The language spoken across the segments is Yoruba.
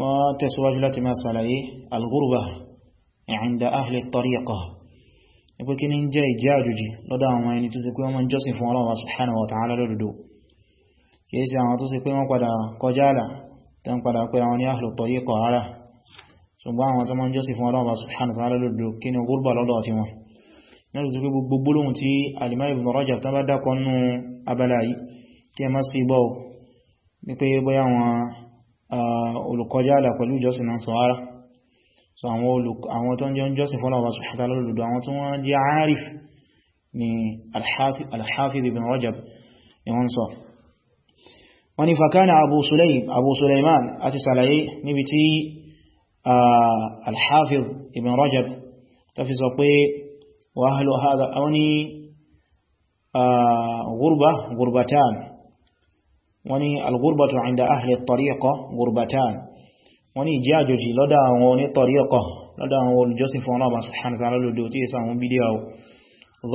wọ́n tẹ̀síwájú láti máa sàlàyé al-ghurba 'inda ahli tariqa ipé kí ní jẹ́ ìjẹ́ àjòjì lọ́dọ̀ àwọn ẹni tó sì pé wọ́n máa jọ́sìn fún Ọlọ́run subhanahu wa ta'ala lódodo kìí sí àwọn tó sì pé wọ́n padà kọjá àlà tó ń padà pé àwọn ní ahli tariqa ara ṣùgbọ́n àwọn tó máa jọ́sìn fún Ọlọ́run subhanahu wa ta'ala lódodo kí ẹ olùkọjá àlà pẹ̀lú ìjọsìn náà sọ ara so àwọn tó ń jẹ́ ìjọsìn fọ́nà ọba sùhátà lọ́lọ́dọ̀ àwọn tó wọ́n jẹ́ arif ni al-Hafiz ibn Rajab ni wọ́n sọ wọ́n ni fakana Abu Sulaiman àti sàlàyé níbi tí al ibn Rajab ta fi sọ pé wàhálò hada àwọn ni وني الغربة عند أهل الطريقة غربتان وني جاجو جي لدى وني طريقة لدى والجسف ونبا سبحانه وتعالى لدوتي سامو بديو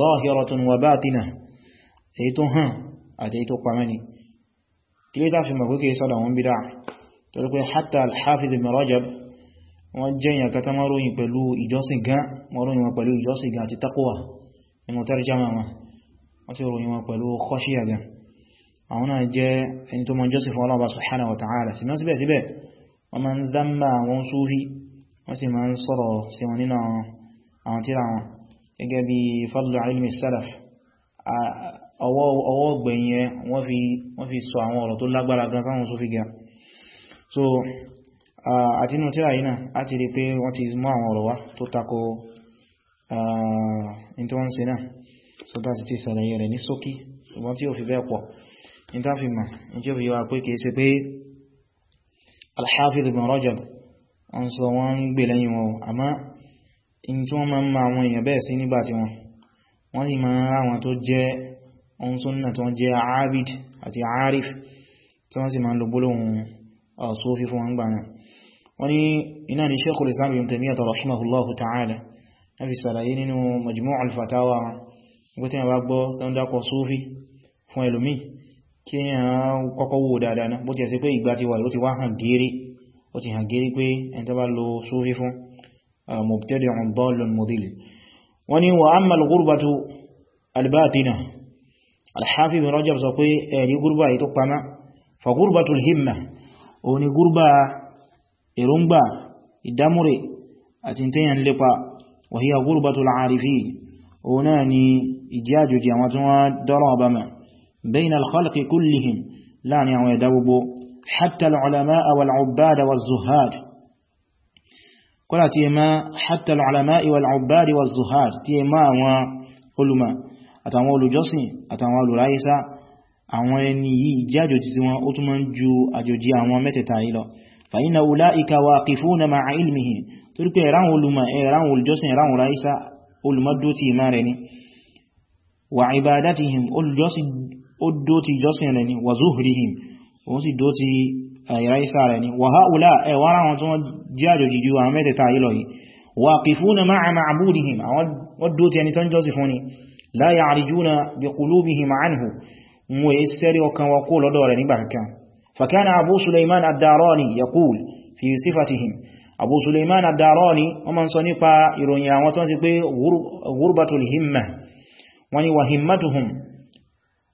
ظاهرة وباطنة ايتو ها اتيتو قماني كليتا في مكوكي سادة ونبدع تقول حتى الحافظ بن رجب وجن يكتمروا يبلو إجوسي غا مروا يبلو إجوسي غا تتقوى من ترجمة وتروا يبلو خشية غا àwọn náà jẹ́ ẹni tó mọ́ jọ́sìn fún Allah subhanahu wa ta'ala sí mọ́ síbẹ̀síbẹ̀ wọ́n ma ń dámbà wọn Sufi wọ́n sì ma ń sọ̀rọ̀ sí wọn nínú àwọn tíra wọn gẹ́gẹ́ bí fadlu ilmi salaf ọwọ́ gbẹ̀yẹ wọ́n fi sọ àwọn ọ̀rọ̀ tó lágbára gan sáwọn Sufi gan so àti inú in ta fi ma in ce fi wa pé kìí ṣe pé al-Hafidh ibn Rajab wọ́n sọ wọ́n ń gbè lẹ́yìn wọn àmá in tí wọ́n máa ń ma àwọn èèyàn bẹ́ẹ̀ sí nígbà tí wọn wọ́n sì máa ráwọn tó jẹ́ ohun súnnà tó jẹ́ abid àti arif tí wọ́n sì máa lo gbólóhùn Sufi fún wọn gbà náà wọ́n kí yàn kọ́kọ́ wò dáadáa náà bó ti ẹ̀sẹ̀ pé ìgbà ti wà ló ti wá hàn gírí ó ti hàn gírí pé ẹni tó bá lo sófí fún ah, mubtadi'un dallun mudil wọ́n ni wa amma al-ghurbatu al ni ìdí àjòjì àwọn tí wọ́n dọ́rọ̀ ọba mẹ́ بين الخلق كلهم لا يعني يدوب حتى العلماء والعباد والزهاد قال تيما حتى العلماء والعباد والزهاد تيما وعلماء أتنوال جسن أتنوال رئيسا àwọn ẹni yìí jájò ti wọn ó tún máa ń ju àjòjì àwọn mẹ́tẹ̀ta yìí lọ fa inna ulaika waqifuna ma'a ilmihim torí pé ẹ̀ráhùn olùmọ̀ ẹ̀ráhùn olùjọ́sìn ẹ̀ráhùn ráísá olùmọ́dó ti ìmá rẹ̀ ni wa ibadatihim olùjọ́sìn ó dó ti jọ́sìn rẹ̀ ni wa zuhrihim òun sì dó ti ẹ̀yà eh, isa rẹ̀ ni wa haula ẹwà ara wọn tí wọ́n jẹ́ àjòjì ju àwọn mẹ́tẹ̀ta yìí lọ yìí waqifuna ma'a ma'budihim àwọn wọ́n dó ti ẹni tán jọ́sìn fún ni la ya'rijuna bi qulubihim anhu wa himmatuhum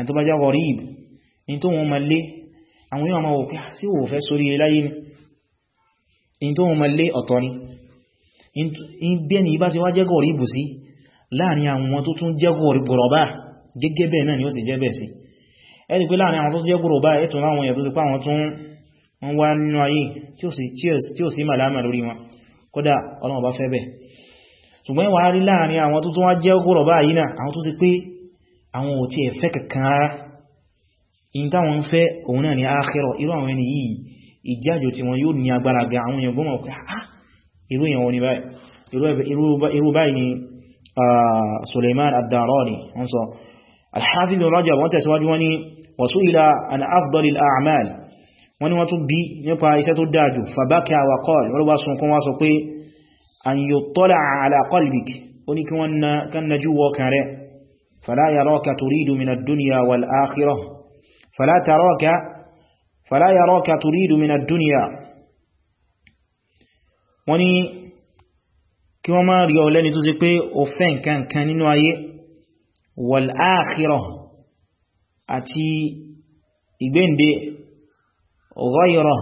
ẹn tó bá já wọ̀rí ìbù in tó wọn ma lé àwọn yíò ma wò pé sí ah, wò fẹ́ sórí láyé ni in tó wọn ma lé ọ̀tọ̀ ni in bí ẹni bá ti wá jẹ́ gọ̀rí ìbù sí láàrin àwọn tó tún jẹ́ gọ̀rí bọ̀rọ̀bá gẹ́gẹ́ bẹ́ẹ̀ náà ni ó sì jẹ́ bẹ́ẹ̀ sí ẹni pé láàrin àwọn tó tún jẹ́ bọ̀rọ̀bá ẹ̀tùn láwọn èèyàn tó ti pa àwọn tún ṣùgbọ́n ìwà rí láàrin àwọn tó tún wá jẹ́ gọ̀rọ̀bá yìí náà àwọn tó ti pé àwọn ò tí ẹ̀ fẹ́ kankan rárá in táwọn ń fẹ́ òun náà ni áàkírọ̀ irú àwọn ẹni yìí ìjájò tí wọn yóò ní agbára gan àwọn èèyàn gbọ́mọ̀ pé ah irú èèyàn wọn ni báyìí irú báyìí ni Suleiman ad-Darani wọ́n sọ al-Hafiz ibn Rajab wọ́n tẹ̀síwájú wọ́n ni wa su'ila an afdalil a'mal wọ́n ni wọ́n tún bí nípa iṣẹ́ tó dájú fabaka wa qala wọ́n wá sun wá sọ pé an yuttala ala qalbik ó ní kí wọ́n na kan wọ́kan rẹ̀ فلا يراك تريد من الدنيا والآخرة فلا تراك فلا يراك تريد من الدنيا وني kí wọ́n máa rí ọ lẹ́ni tó sì pé o fẹ́ nǹkan kan nínú ayé wal-akhirah àti ìgbéǹde ghayra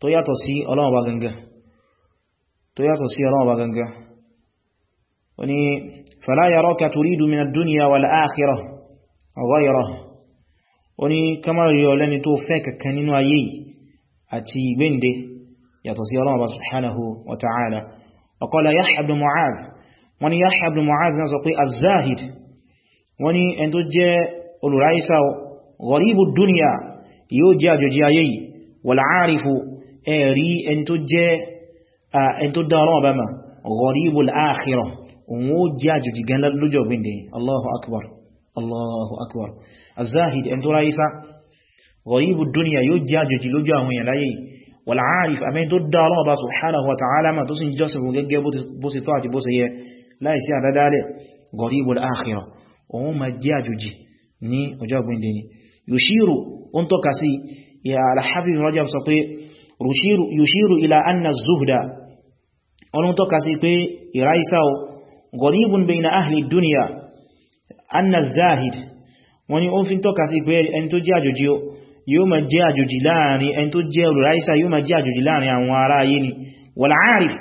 tó yàtọ̀ sí Ọlọ́run bá gangan tó yàtọ̀ sí Ọlọ́run bá gangan wọ́n ni فلا يراك تريد من الدنيا والآخرة غيره وني كما يولني توفيك كنين ويي أتي بندي يا يتصي الله سبحانه وتعالى وقال يحيى بن معاذ وني يحيى بن معاذ نزقي الزاهد وني أنت جاء الرئيس غريب الدنيا يوجا جوجيا يي والعارف أري أنت جاء أنت دارا بما غريب الآخرة òun ó jẹ́ àjòjì gan lójọ́ gbìndẹ̀ Allahu akbar Allahu akbar azahid ẹn tó ráyé sá gharibu dúnìyà yóò jẹ́ àjòjì lójú àwọn èèyàn láyé wal-aarif amẹ́n tó dá Ọlọ́run bá subhanahu wa ta'ala ma tó sì jọ́sìn fún gẹ́gẹ́ bó sì tọ́ àti bó sì yẹ láìsí àdádálẹ̀ gharibu al-akhirah òun ma jẹ́ àjòjì ní ọjọ́ gbìndẹ̀ ni yushiru gọ̀ríbùn bẹ̀yìn ahìlì dúnìyà anna zahid wọ́n ni ó fi tọ́ka sí pé ẹni tó jẹ́ àjòjì yóò máa jẹ́ àjòjì láàrin ẹni tó jẹ́ olùráísà yóò máa jẹ́ àjòjì láàrin àwọn ará ayé ni wàláàrif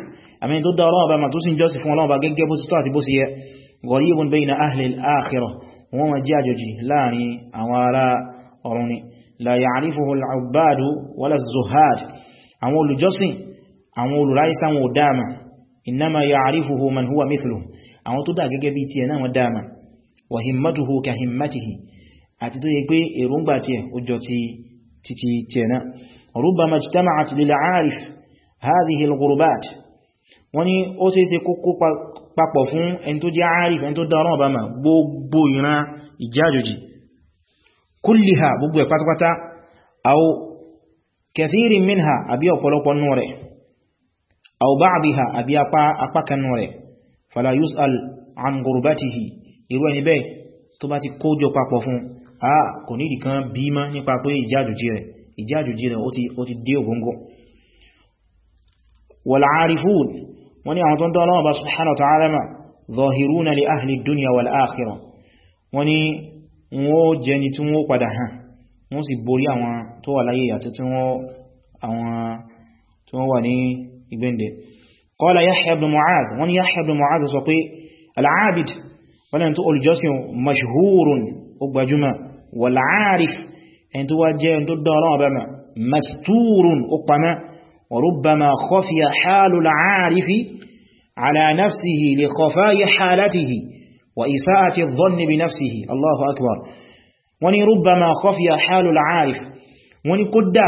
àmì tó dá ọlọ́ọ̀bá ma tó sì jọ́sì fún ọlọ́ọ̀bá gẹ́gẹ́ bó sì tọ́ àti bó sì yẹ gọ̀ríbùn bẹ̀yìn ahìlì àkhírà wọ́n máa jẹ́ àjòjì láàrin àwọn ará ọ̀run ni la ya'rifuhu al-'ubbadu wala az-zuhad àwọn olùjọ́sìn àwọn olùráísà wọn ò dáàmà إنما يعرفه من هو مثله àwọn tó dà gẹ́gẹ́ bí tiẹ̀ náà wọ́n dáama wa himmatuhu ka himmatihi àti tó yẹ pé èròǹgbà tiẹ̀ ó jọ ti tiẹ̀ náà ربما اجتمعت للعارف هذه الغربات wọ́n ni ó sì ṣe kókó papọ̀ fún ẹni tó jẹ́ àárif ẹni tó dáran ọba ma gbogbo ìran ìjájòjì kulliha gbogbo ẹ̀ pátápátá aw kathirin minha àbí ọ̀pọ̀lọpọ̀ nú rẹ̀ aw ba'diha àbí apá kanú rẹ̀ fala yus'al an gurbatihi irú ẹni bẹ́ẹ̀ tó bá ti kójọ papọ̀ fún a kò ní ìdìkan bí má nípa pé ìjájòjì rẹ̀ ìjájòjì rẹ̀ ó ti dé ògóngó wal-'arifun wọ́n ni àwọn tó ń tọ́lọ́ ọba subhanahu wa ta'ala ma zahiruna li ahli dunya wal akhirah wọ́n ni wọ́n jẹ́ ni tí wọ́n padà hàn wọ́n sì borí àwọn tó wà láyé àti tí wọ́n wà ní ìgbẹ́ndẹ̀ qala Yahya ibn Mu'adh wọ́n ni Yahya ibn Mu'adh sọ pé al-abid wọ́n tó olùjọ́sìn mashhurun ó gbajúmọ̀ wal-arif ẹni tó wá jẹ́ ẹni tó dọ́rọ̀ ọ̀bẹ̀mà masturun ó pamẹ́ wa rubbama khafiya halu al-arifi ala nafsihi li khafayi halatihi wa isa'ati adh-dhanni bi nafsihi Allahu akbar wọ́n ni rubbama khafiya halu al-arif wọ́n ni kódà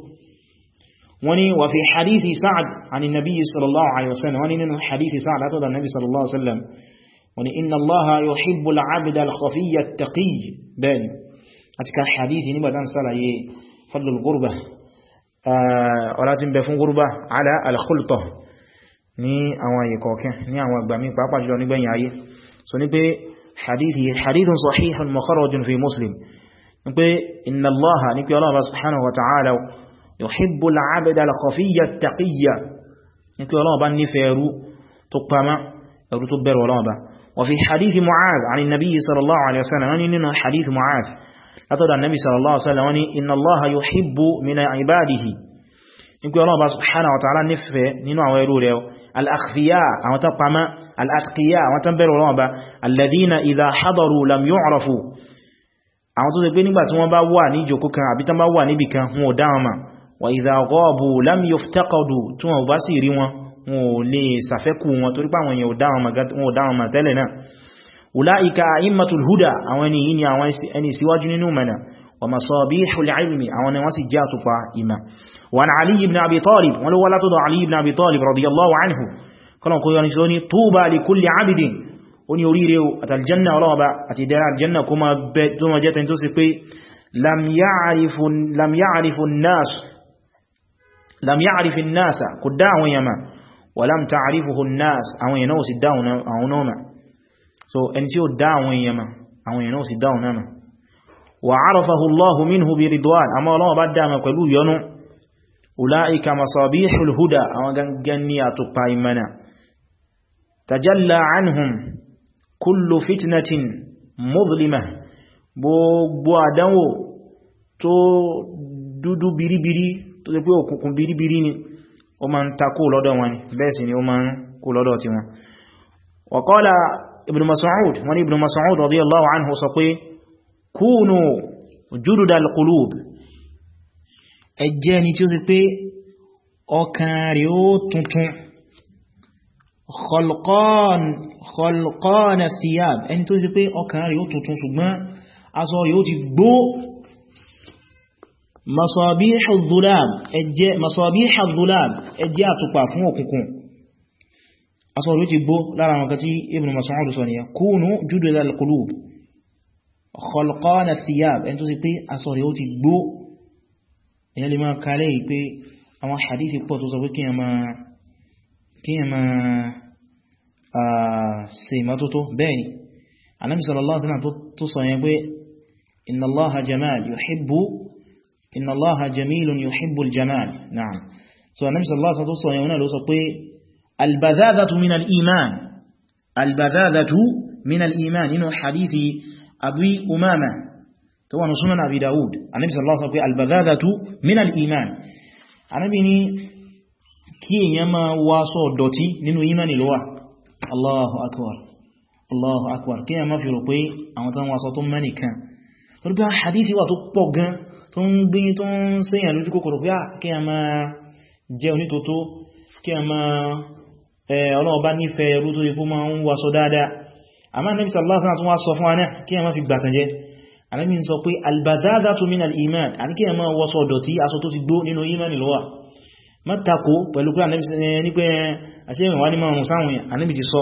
وني وفي حديث سعد عن النبي صلى الله عليه وسلم وني من حديث سعد عن النبي صلى الله عليه وسلم وني إن الله يحب العبد الخفي التقي بني أتك حديث نبا تنسل فضل الغربة آه، ولا تنبى غربة على الخلطة ní àwọn àyè kọ̀ọ̀kẹ́ ní àwọn àgbàmí pàápàá jùlọ nígbẹ̀yìn ayé so ní pé hadithi hadithun sahihun mukharrajun fi muslim ní pé inna allaha ní pé subhanahu wa ta'ala yọ̀hìbò làábẹ̀dà alkọfíyà tàkíyà ní pé ọlọ́wọ́ bá nífẹ̀ẹ́ ẹrú tó pamá ẹrú tó bẹ̀rẹ̀ ọlọ́wọ́ bá wà fi hadithi mu'ad àni nabi sallallahu alaihi wasallam wani nínú hadithi mu'ad látọ̀dà nabi sallallahu alaihi wasallam wani inna allaha yuhibbu min ibadihi ní pé ọlọ́wọ́ bá subhanahu wa ta'ala nífẹ̀ẹ́ nínú àwọn ẹrú rẹ̀ al-akhfiya àwọn tó pamá al àwọn tó bẹ̀rẹ̀ ọlọ́wọ́ bá alladhina idha hadaru lam yu'rafu àwọn tó ṣe pé nígbà wọ́n bá wà ní ìjòkó kan àbí bá wà níbì kan wọn ò wa idha ghabu lam yuftaqadu tún wọ́n bá sì rí wọn wọn ò lè sàfẹ́kù wọn torí pàwọn èèyàn ò dáwọn mà tẹ́lẹ̀ náà ulaika a'immatul huda àwọn ẹni yìí ni àwọn ẹni síwájú nínú mẹ́nà wa masabihul sọ ní tuba li kulli abidin ó ní lam ya'rif an-nas kò dá àwọn èèyàn mà wa lam ta'rifuhu an-nas àwọn èèyàn náà sì dá àwọn náà mà so ẹni tí ó dá àwọn èèyàn mà àwọn èèyàn náà sì dá àwọn náà mà wa 'arafahu Allahu minhu bi ridwan àmá Ọlọ́run bá dá mà pẹ̀lú yọ́nú ulaika masabihul huda àwọn gangan ni àtùpà ìmọ̀nà tajalla anhum kullu fitnatin mudhlimah gbogbo àdánwò tó dúdú biribiri tó ti pé òkùnkùn biribiri ni ó ma ń ta kó lọ́dọ̀ wọn ni bẹ́ẹ̀ sì ni ó ma ń kó lọ́dọ̀ ti wọn wa qala ibn mas'ud wọn ibn mas'ud radiyallahu anhu sọ pé kúnù ni tí ó sì pé pé ọkàn rẹ̀ ó masabihu dhulab ẹjẹ́ masabihu dhulab ẹjẹ́ àtùpà fún òkùnkùn asọ́ ló ti gbó lára wọn kàtí Ibn Mas'ud sọ ni kúnù jududal qulub khalqana thiyab ẹni tó sì pé asọ́ rẹ̀ ó ti gbó ẹ̀yẹ́ lè máa kalẹ̀ yìí pé àwọn hadithi pọ̀ tó sọ pé kí ẹ máa ṣe ìmọ́tótó bẹ́ẹ̀ ni Ànábì sallallahu tó sọ yẹn pé inna Allaha jamal yuhibbu إن الله جميل يحب الجمال نعم so النبي صلى الله عليه وسلم يقول البذاذة من الإيمان البذاذة من الإيمان إنه حديث أبي أمامة طبعا سنن أبي داود النبي صلى الله عليه وسلم البذاذة من الإيمان النبي ni kí èyàn máa wá sọ ọ̀dọ̀tí nínú ìmáni lọ́wà Allahu akbar Allahu akbar kí èyàn máa fi rò pé àwọn tán torí hadithi wà tó pọ̀ gan tó ń gbé tó ń ṣèyàn lójú kòkòrò pé ah, kí a máa jẹ́ onítótó kí a máa ọlọ́ọ̀bá nífẹ̀ẹ́ ẹrú tó yẹ kó máa ń waṣọ dáadáa àmá nẹ́bí sallallahu alaihi wasallam sọ fún wa náà kí a máa fi gbàtàn jẹ́ anábí sọ pé albazazatu min al-iman àní kí a máa wọṣọ dọ̀tí aṣọ tó ti gbó nínú iman lọ́wà mọ́tàkó pẹ̀lú pé anábí sọ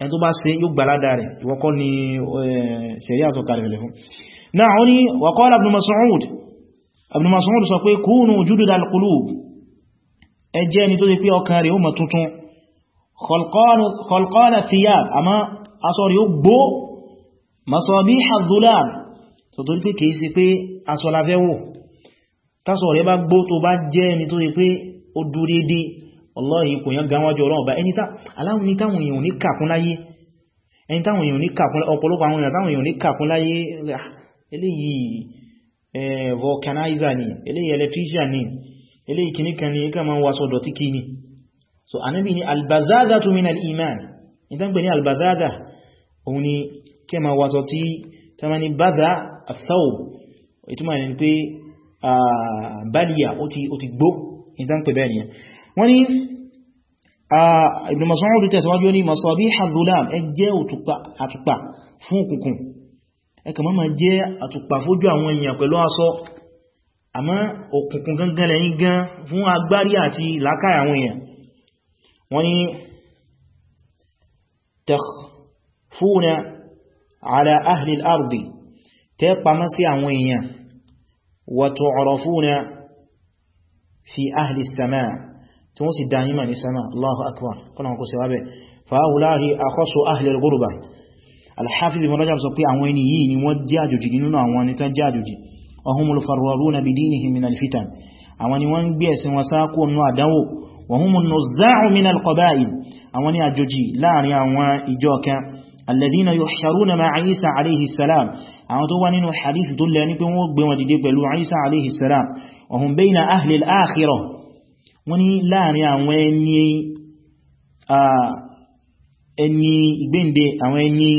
ẹni tó bá ṣe yóò gbàládà rẹ̀ ìwọ́kọ́ ni ṣẹ̀ríà sọ kalẹ̀ fún náà wọ́n ni wa qala ibn Mas'ud ibn Mas'ud sọ pé kunu jududal qulub ẹ jẹ́ ni tó ti pé ọkàn rẹ̀ ó mọ̀ tuntun khalqana thiyab àmá aṣọ rẹ̀ ó wallahi kò yán gánwájú ọlọ́ọ̀bá ẹni aláwọn ní táwọn èèyàn ní kàkún láyé ẹni táwọn èèyàn ní kàkún ọ̀pọ̀lọpọ̀ àwọn èèyàn táwọn èèyàn ní kàkún láyé ah, eléyìí eh, vulcanizer ni eléyìí electrician ni eléyìí kìníkan ni ẹkà máa wáṣọ dọ̀tí kí ni so anábi ni albazaza tu min al-iman ìtàn pè ní albazaza òun ni kí máa wáṣọ tí tẹ́mà ní baza athawb ìtumọ̀ ni pé ah, baliya ó ti gbó ìtàn bẹ́ẹ̀ wọ́n ni Ibn Mas'ud tẹ̀síwájú ní masabiha dhulam ẹ jẹ́ àtùpà fún òkùnkùn ẹ kà máa jẹ́ àtùpà fójú àwọn èèyàn pẹ̀lú aṣọ àmọ́ òkùnkùn gangan lẹ́yìn gan fún agbárí àti làákàyè àwọn èèyàn wọ́n ni takhfuna ala ahli al-ardi tẹ́ pamọ́ sí àwọn èèyàn wa tu'rafuna fi ahli as tí wọ́n sì dáyí mà ní sánà Allahu akbar kọ́nà kò sí wábẹ̀ fa'aulahi akhasu ahli al-ghurba al-hafiz àwọn tó wà nínú hadith tó lẹ́ni pé wọ́n gbé wọn dìde pẹ̀lú àìsà aléhìsára ọ̀hún bẹ́ ìna ahìlẹ̀ الآخرة wọ́n ní láàrin àwọn ẹni ẹni ìgbéǹde àwọn ẹni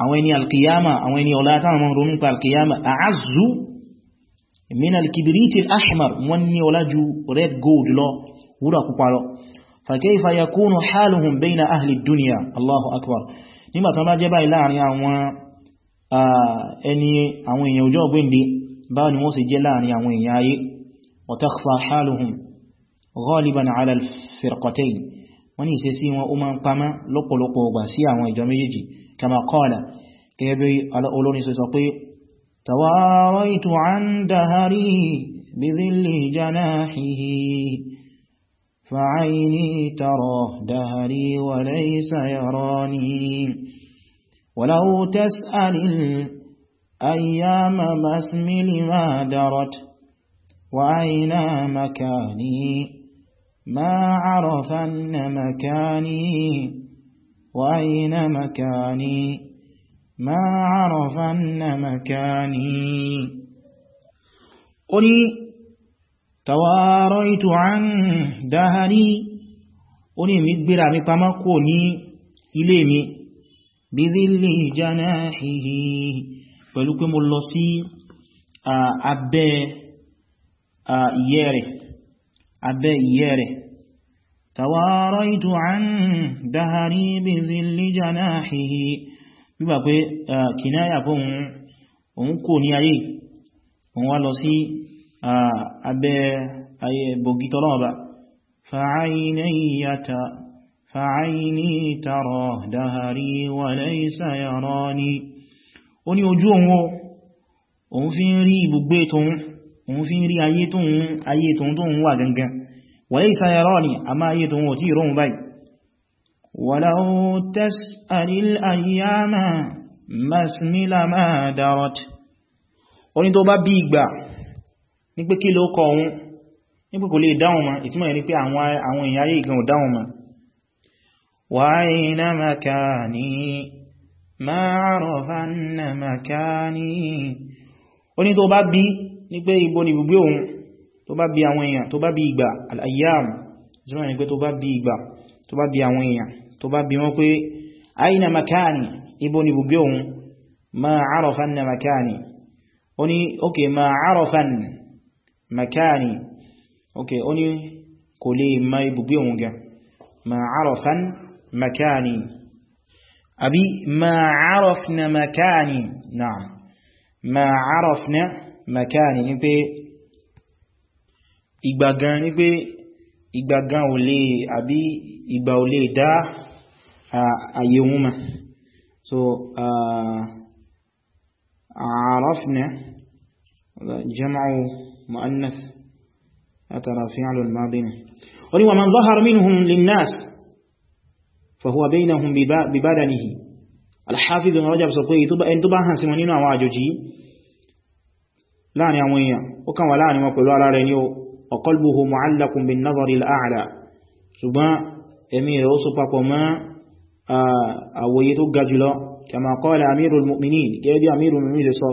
àwọn ẹni alkiyama àwọn ẹni ọlá táwọn ọmọ ronú pa alkiyama a'azzu min alkibiriti al-ahmar wọ́n ní ọlá ju red gold lọ wúrà pupa lọ fa kayfa yakunu haluhum bayna ahli dunya allahu akbar nígbà tó bá jẹ́ báyìí láàrin àwọn ẹni àwọn èèyàn ọjọ́ ọgbẹ́ǹde báwọn wọ́n sì jẹ́ láàrin àwọn èèyàn ayé وتخفى حالهم غالبا على الفرقتين سيسي وأمان قما لقو لقو باسيا ويجميجي كما قال كيبي على أولوني سيسقي تواريت عن دهري بذل جناحه فعيني ترى دهري وليس يراني ولو تسأل الأيام ما اسمي لما درت وأين مكاني ما عرفن مكاني وأين مكاني ما عرفن مكاني قل تواريت عن دهري ó ní mi gbéra mi pamọ́ kò ní ilé abẹ́ ìyẹ́ rẹ̀ abẹ́ ìyẹ́ rẹ̀ tawaraitu an dahari bi zilli janahihi bíbà pé kìnáyà fún òun kò ní ayé òun wá lọ sí abẹ́ ayẹ bògí tọ́lọ́ọ̀bá fa'aini tara dahari wa laysa yarani ó ní ojú òun òun fi ń rí ibùgbé tóun òun fi ń rí ayé tóun tóun wà gangan wàlé ìsáyàrá ni a máa ayé tóun ò tí ìrọ̀hun báyìí wàláwó tẹ́sàríl ayyáma masmila máa dárọt oní tó bá bí ìgbà ní pé kí ló kọ òun ní pé kò lè dáhùn ma ìtumọ̀ ní pé àwọn èèyàn ayé ìgan ò dáhùn ma wà áyìnà makani máa rọ̀fà nà makani oní tó bá bí ní pé ibo ni gbogbo òun tó bá bí àwọn èèyàn tó bá bí ìgbà al-ayyam jùmọ́ ni pé tó bá bí ìgbà tó bá bí àwọn èèyàn tó bá bí wọn pé aina makani ibo ni gbogbo òun ma arafan na makani ó ní okay makani ní pé ìgbàgan ní pé ìgbàgan ò lè àbí ìgbà ò lè dá àyè wọn ma so àrọ́fìnà jama'u mu'annas látara fi'l al-madi ó ní wa man zahara minhum linnas فهو بينهم ببدنه الحافظ رجب سقوي ان تبا هان àwọn àjòjì láàrin àwọn èèyàn ó kàn wà láàrin wọn pẹ̀lú ara rẹ̀ ní o qalbuhu mu'allaqun bin nadari al-a'la ṣùgbọ́n ẹ̀mí rẹ̀ ó so papọ̀ mọ́ àwòye tó ga jùlọ kama qala amirul mu'minin gẹ́gẹ́ bí amirul mu'minin ṣe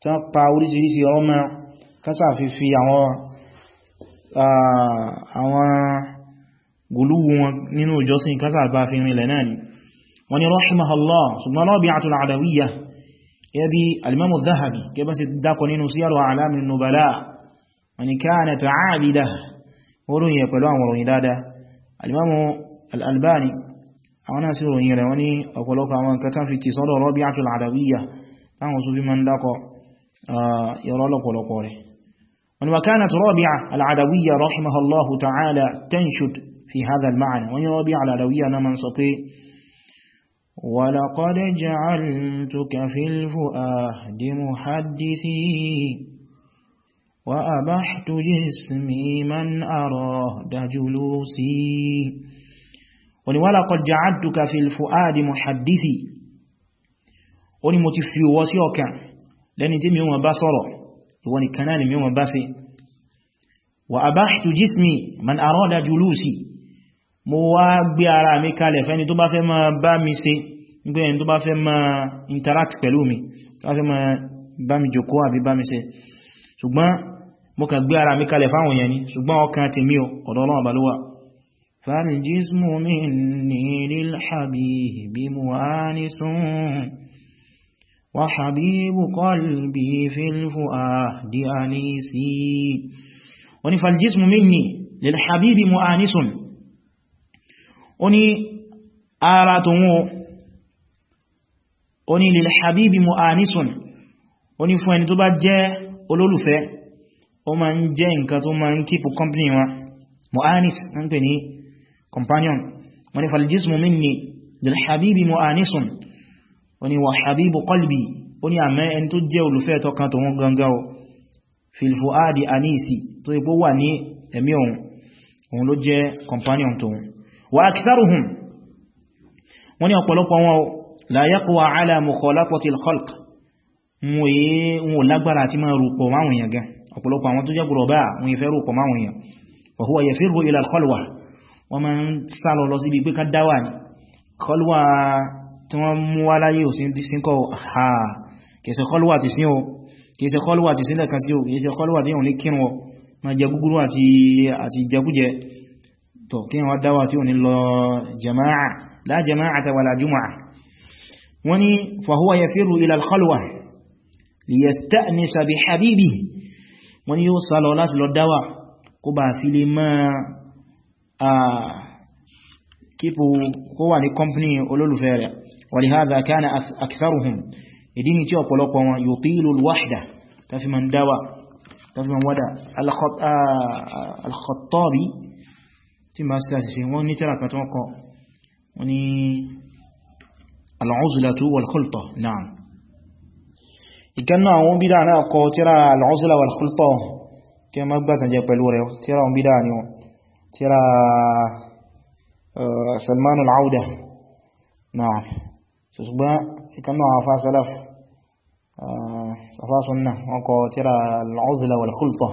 tí wọ́n pa oríṣiríṣi ọmọ kásà fi fi àwọn gùlúwù wọn nínú ìjọsìn kásà bá fi rìnlẹ̀ náà ni wọ́n ni rahimahallah ṣùgbọ́n Rabi'atul Adawiyya gẹ́bí alimamu Dhahabi gẹ́bá sí dákọ nínú Siyaru A'lamin Nubala wọ́n ni kanat 'abida orin yẹ pẹ̀lú àwọn òròyìn dáadáa alimamu Al-Albani àwọn náà sí táwọn sófí ma ń dákọ̀ọ́ يرالق ولقوره وإنما كانت رابعة العدوية رحمها الله تعالى تنشد في هذا المعنى وإن رابعة العدوية نمن سقي ولقد جعلتك في الفؤاد محدثي وأبحت جسمي من أراد جلوسي ولقد جعلتك في الفؤاد محدثي ولمتفي وسيوكا lẹ́ni tí mi wọ́n bá sọ́rọ̀ ìwọ nìkan náà ni mi wọ́n bá sí wa abahtu jismi man arada julusi mo wá gbé ara mi kalẹ̀ fẹ́ni tó bá fẹ́ máa bá mi ṣe nígbé ẹni tó bá fẹ́ máa interact pẹ̀lú mi tó bá fẹ́ máa bá mi jòkó àbí bá mi ṣe فالجسم مني للحبيب مؤانس وحبيب قلبي في الفؤاد أنيسي وني فالجسم مني للحبيب مؤانس وني آراتمو وني للحبيب مؤانس وني فوين تبا جاء olólùfẹ́ ó ma ń jẹ́ nǹkan tó ma ń kípù company wa mu'anis ń pè ní companion wọ́n ni faljismu minni lil habibi mu'anisun oni wa habibu qalbi oni àmẹ́ ẹni tó jẹ́ olùfẹ́ tọkàn tòun gangan o fil fuadi anisi tó ipò wà ní ẹ̀mí òun òun ló jẹ́ companion tóun wa aktharuhum wọ́n ní ọ̀pọ̀lọpọ̀ wọn la yaqwa ala mukhalafati al-khalq wọn lágbára àti máa rúpọ̀ máwọn èèyàn gan ọ̀pọ̀lọpọ̀ àwọn tó jẹ́ gbọ́rọ̀ bá wọn ìfẹ́ rúpọ̀ máwọn èèyàn wa huwa yafirru ila al-khalwa wọ́n máa ń sálọ lọ sí ibi pé ká dáwà khalwa tí wọ́n mú wá láyé ò sí dísínkọ́ ha kẹsẹ̀ kọlùwà ti sí o kẹsẹ̀ kọlùwà ti sílẹ̀ kan sí o kẹsẹ̀ kọlùwà tí yàn lè kírun ọ ma jẹ gúgúrú àti jẹgújẹ tọ̀ kí wọ́n dáwà tí ò ní lọ jama'a la jama'a ta wala wọ́n lọ dáwà kó bá kó wà ní kọ́mpínì olólùfẹ́ rẹ̀ ولهذا كان أكثرهم إديني تيو قلوكم يطيل الوحدة تفهم من دواء تفهم من ودى آه، الخطابي تيما سلاسي وني تراك توقع وني العزلة والخلطة نعم ikanna awon bidan na náà kọ tíra al-uzla wal-khulta ke a má jẹ pẹ̀lú rẹ̀ tíra àwọn bidan ni tíra Salman al auda na'am so ṣùgbọ́n ìkanná àfá salaf safásunnà eh, wọ́n kọ tíra al-uzla wal-khulta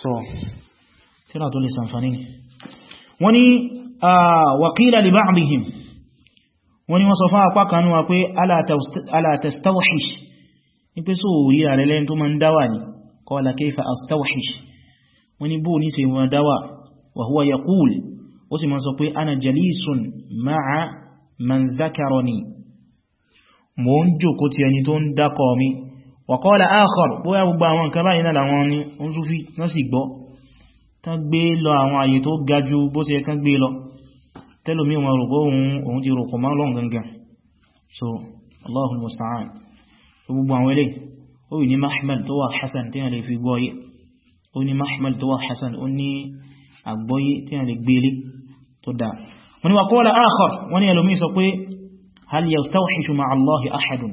so tíra tó lè sànfàní wọ́n ni ah, wa qila li ba'dihim wọ́n ni wọ́n sọ fún apá kanú wa pé ala tastawhish ní pé só rí àrẹ́lẹ́ tó ma ń dáwà ní qala man zakaroni mo ń jòkó ti ẹni tó ń dákọ̀ mi wa qala akhar bóyá gbogbo àwọn nǹkan báyìí náà làwọn ní ń súfí wọ́n sì gbọ́ tán gbé lọ àwọn àyè tó ga ju bó ṣe kán gbé lọ tẹ́lòmí wọn rògbó òun ti rògbò máa lọ́n gangan so Allahu musta'an gbogbo àwọn ilé ó ní mahmal tó wà hasan tí a lè fi gbọ́yé ó ní mahmal tó wà hasan ó ní àgbọ́yé tí a lè gbélé tó dáa wọ́n ni wà kọ́lá akhar wọ́n ni ẹlòmí sọ pé hal yastawhishu ma'a Allahi ahadun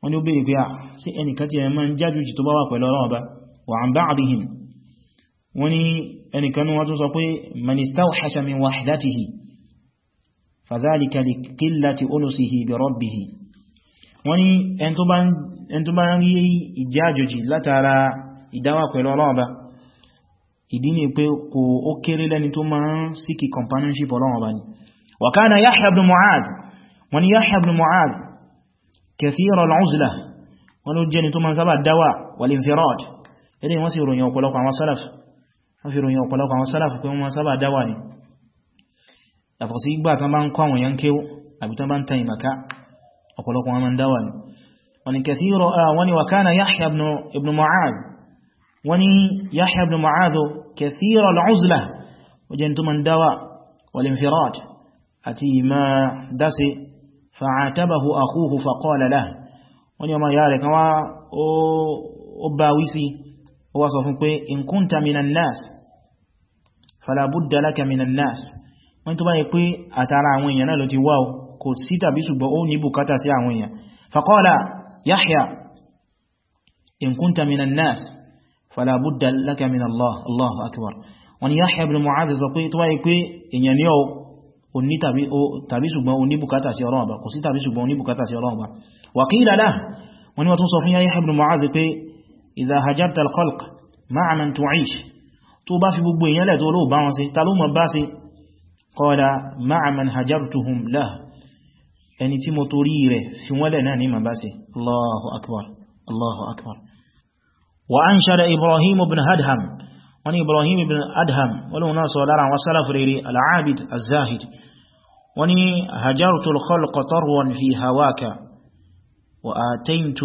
wọ́n ni ó bèèrè pé à ah, sí ẹnìkan tí ẹ̀mọ́ ń jájú jì tó bá wà pẹ̀lú Ọlọ́run Ọba wa an ba'dihim wọ́n ni ẹnìkan wọ́n tún sọ pé ìdí ni pé kò ó kéré lẹ́ni tó máa ń síkì companionship ọlọ́run ọba ni wa kana Yahya ibn Mu'adh wọn ni Yahya ibn Mu'adh kathir al-uzla wọn ló jẹ́ni tó máa sábà dáwà wal-infirad ilé wọ́n sì ròyìn ọ̀pọ̀lọpọ̀ àwọn salaf wọ́n fi ròyìn ọ̀pọ̀lọpọ̀ àwọn salaf pé wọ́n sábà dáwà ni yàtọ̀ sí ìgbà tán bá ń kọ́ àwọn Yahya ibn Mu'adh wọ́n Yahya ibn Mu'adh كثير العزله وجنتم الدواء والانفراج اتي ما داس فعاتبه اخوه فقال له ونيما يالي كما اوباويسي وصفوا ان كنت من الناس فلا بد لك من الناس وانت باي بي اترى اوان ايان لو تي واو كو سيتا بي سوبو او ني بوكاتا سي فقال يحيى ان كنت من الناس فلا بد لك من الله الله أكبر wọ́n Yahya ibn Mu'adh sọ pé tó wáyé pé èyàn ní òní tàbí ṣùgbọ́n òní bùkátà sí Ọlọ́run Ọba kò sí tàbí ṣùgbọ́n òní bùkátà sí Ọlọ́run Ọba wa qila lahu wọ́n ni wọ́n tún sọ fún Yahya ibn Mu'adh pé idha hajarta al-khalq ma'a man tu'ish tó bá fi gbogbo èyàn lẹ̀ tó ló bá وأنشد إبراهيم بن هدهم وني إبراهيم بن أدهم ولو ناس ولا رعا سلف ريري العابد الزاهد وني هجرت الخلق طروا في هواك وآتيت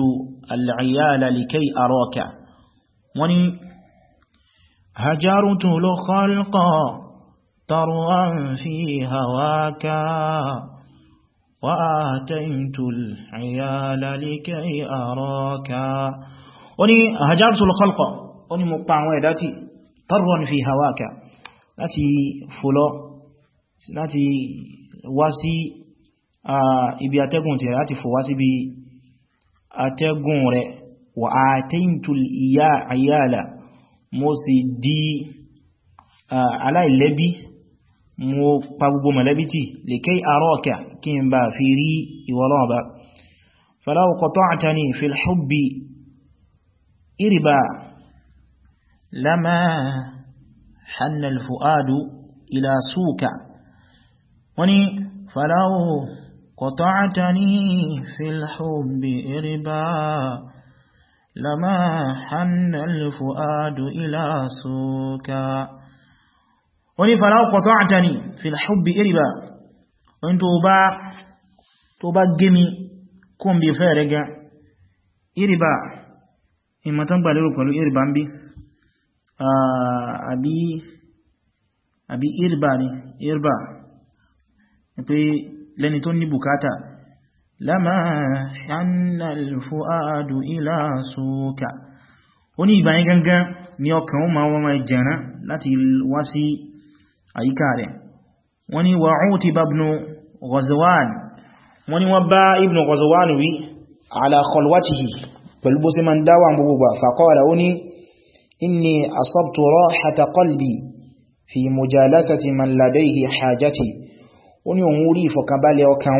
العيال لكي أراك وني هجرت الخلق طروا في هواك وآتيت العيال لكي أراك oni hajartul khalqa oni mo pa àwọn ẹ̀dá tí tarwan fi hawaka láti folo láti wá sí ibi atẹ́gùn tẹ̀ láti fò wá sí ibi atẹ́gùn rẹ̀ wa ataytul iya ayala mo sì di aláìlẹ́bí mo pa gbogbo mọ̀lẹ́bí tí likay araka kí n bá fi rí ìwọlọ́ọ̀bá falau qata'tani fil hubbi إربا إيه لما حن الفؤاد إلى سوك وني فلو قطعتني في الحب إربا إيه لما حن الفؤاد إلى سوك وني فلو قطعتني في الحب إربا إيه وني توبا توبا جمي كون بفارق إربا ìmọ̀ tán gbà lérò pẹ̀lú ìrìbá ń bí àbí ìrìbá ni ìrìbá pé lẹ́ni tó ní bùkátà lámà ṣánà al-fuadu ila suka ó ní ìbáyé gangan ni ọkàn ó ma wọ́n ma jẹ̀rán láti wá sí àyíká rẹ̀ wọ́n ni wà ó ti babnu Ghazwan wọ́n ni wọ́n bá ibnu Ghazwan wí ala khalwatihi pẹ̀lú bó ṣe máa ń dáwà gbogbo gbà faqala ó ní inni asabtu rahata qalbi fi mujalasati man ladayhi hajati ó ní òun rí ìfọ̀kànbalẹ̀ ọkàn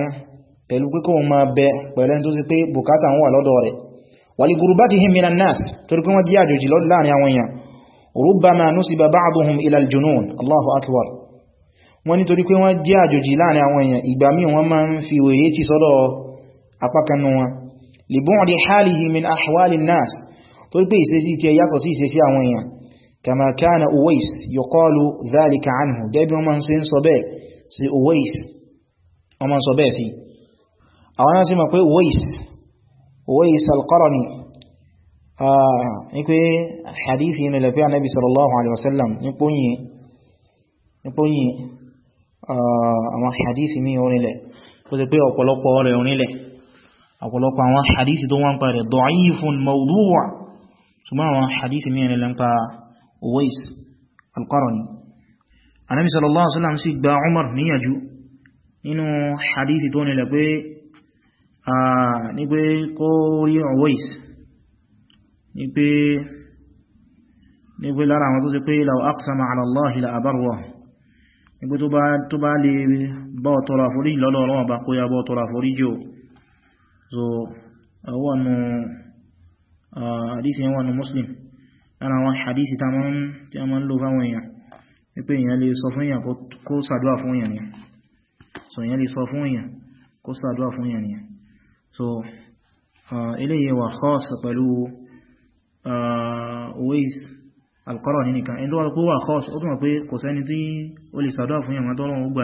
pẹ̀lú pé kóhun máa bẹ pẹ̀lú ẹni tó sì pé bùkátà wọn wà lọ́dọ̀ rẹ̀ wàlí gurubatihim minan nas torí pé wọ́n jí àjòjì lọ́dọ̀ láàrin àwọn èèyàn rubbama nítorí pé wọ́n jí àjòjì láàrin àwọn èèyàn ìgbà wọ́n máa ń fi wèrè ti sọ́dọ̀ apákanu wọn لبعد حاله من أحوال الناس طيب سيسي تياتو سيسي في عوانيا كما كان أويس يقال ذلك عنه دابي ومن سين صبي سي أويس ومن صبي سي أولا سيما قوي أويس أويس القرني آه نكوي حديث ينلقي عن النبي صلى الله عليه وسلم نكوي نكوي àwọn hadithi mi orinlẹ̀ tó ti pé ọ̀pọ̀lọpọ̀ rẹ̀ orinlẹ̀ ọ̀pọ̀lọpọ̀ àwọn hadisi tó wọ́n pa rẹ̀ da'ifun mawdu' ṣùgbọ́n àwọn hadisi mìíràn lẹ́n pa Uwais al-Qarni Ànábì sallallahu alaihi wasallam sì gba Umar níyànjú nínú hadisi tó nílẹ̀ pé ní pé kó rí Uwais ní pé ní pé lára àwọn tó sì pé law aqsama ala Allahi la abarwa ní pé tó bá lè bọ́ tọrọ àforíjì bá kó ya bọ́ tọrọ àforíjì so wọnù àdísì wọnù muslim lára wọn àdísì tí a máa ń fáwọn èèyàn wípé èèyàn lè sọ fún èèyàn kó sàdúwà fún èèyàn ni so èèyàn lè sọ fún èèyàn kó sàdúwà fún èèyàn ni so uh, eléyìí wà khas pẹ̀lú always uh, alkọ́rọ̀ ní nìkan ẹni tó wà pé wà khas ó túnmọ̀ pé kò sẹ́ni tí ó lè sàdúwà fún èèyàn mọ́tọ́lọ́wọ́ gbà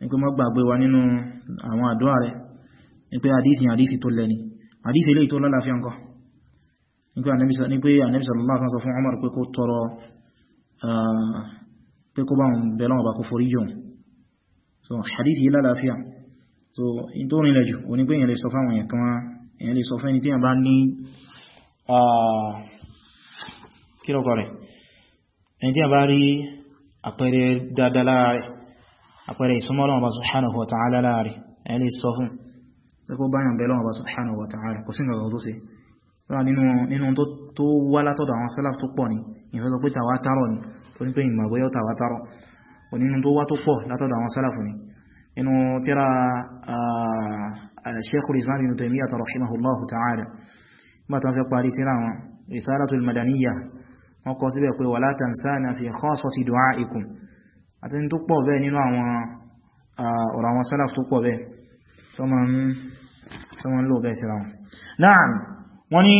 ní pé má gbàgbé wa nínú àwọn àdúrà rẹ̀ ní pé àdísì àdísì tó lẹ́ni àdísì ilé tó lálàáfíà ńkọ́ ní pé Ànábì sallallahu alaihi wasallam sọ fún Umar so àdísì ilé lálàáfíà so in tó rìnlẹ̀ jù o ní pé èyàn lè sọ fáwọn ẹni tí a bá rí àpẹẹrẹ dáadáa lára rẹ̀ àpẹẹrẹ ìsúnmọ́ Ọlọ́run Ọba subhanahu wa ta'ala láàrin ẹni sọ fún pẹ́kọ́ báyàn bẹ́ Ọlọ́run Ọba subhanahu wa ta'ala kò sí nǹkan tó ṣe rà nínú tó wá látọ̀dọ̀ àwọn salaf tó pọ̀ ní ìfẹ́ sọ pé tàwátárọ̀ ní torí pé ìmọ̀ bóyá tàwátárọ̀ ò nínú tó wá tó pọ̀ látọ̀dọ̀ àwọn salaf ní inú tírà Shaykhul Islam Ibn wọn Risalatul Madaniyya wọ́n kọ síbẹ̀ pé wala tansana fi khassati du'aikum àti tó pọ̀ bẹ́ẹ̀ nínú àwọn ọ̀rọ̀ àwọn salaf tó pọ̀ bẹ́ẹ̀ tó mọ́ ń lò bẹ́ẹ̀ sí ráwọn náà wọ́n ni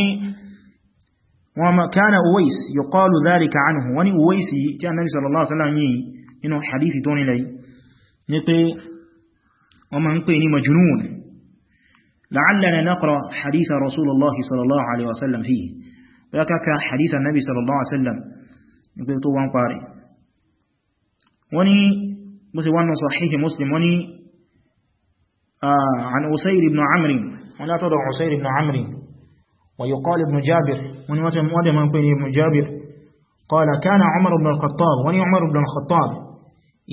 wọ́n ma kana uwais yuqalu dhalika anhu wọ́n ni uwais tí annabi sallallahu alaihi yìí nínú hadithi tó nílẹ̀ ní pé wọ́n ma ń pè ní majnun la'allana naqra haditha rasulullahi sallallahu alaihi wasallam fihi bẹ́ẹ̀ wọ́n ní bó ṣe wọ́n sahihi muslim wọ́n ní عن أسير بن عمرو ولا تدع أسير بن عمرو ويقال ابن جابر ومن ماذا من قيل ابن جابر قال كان عمر بن الخطاب وني عمر بن الخطاب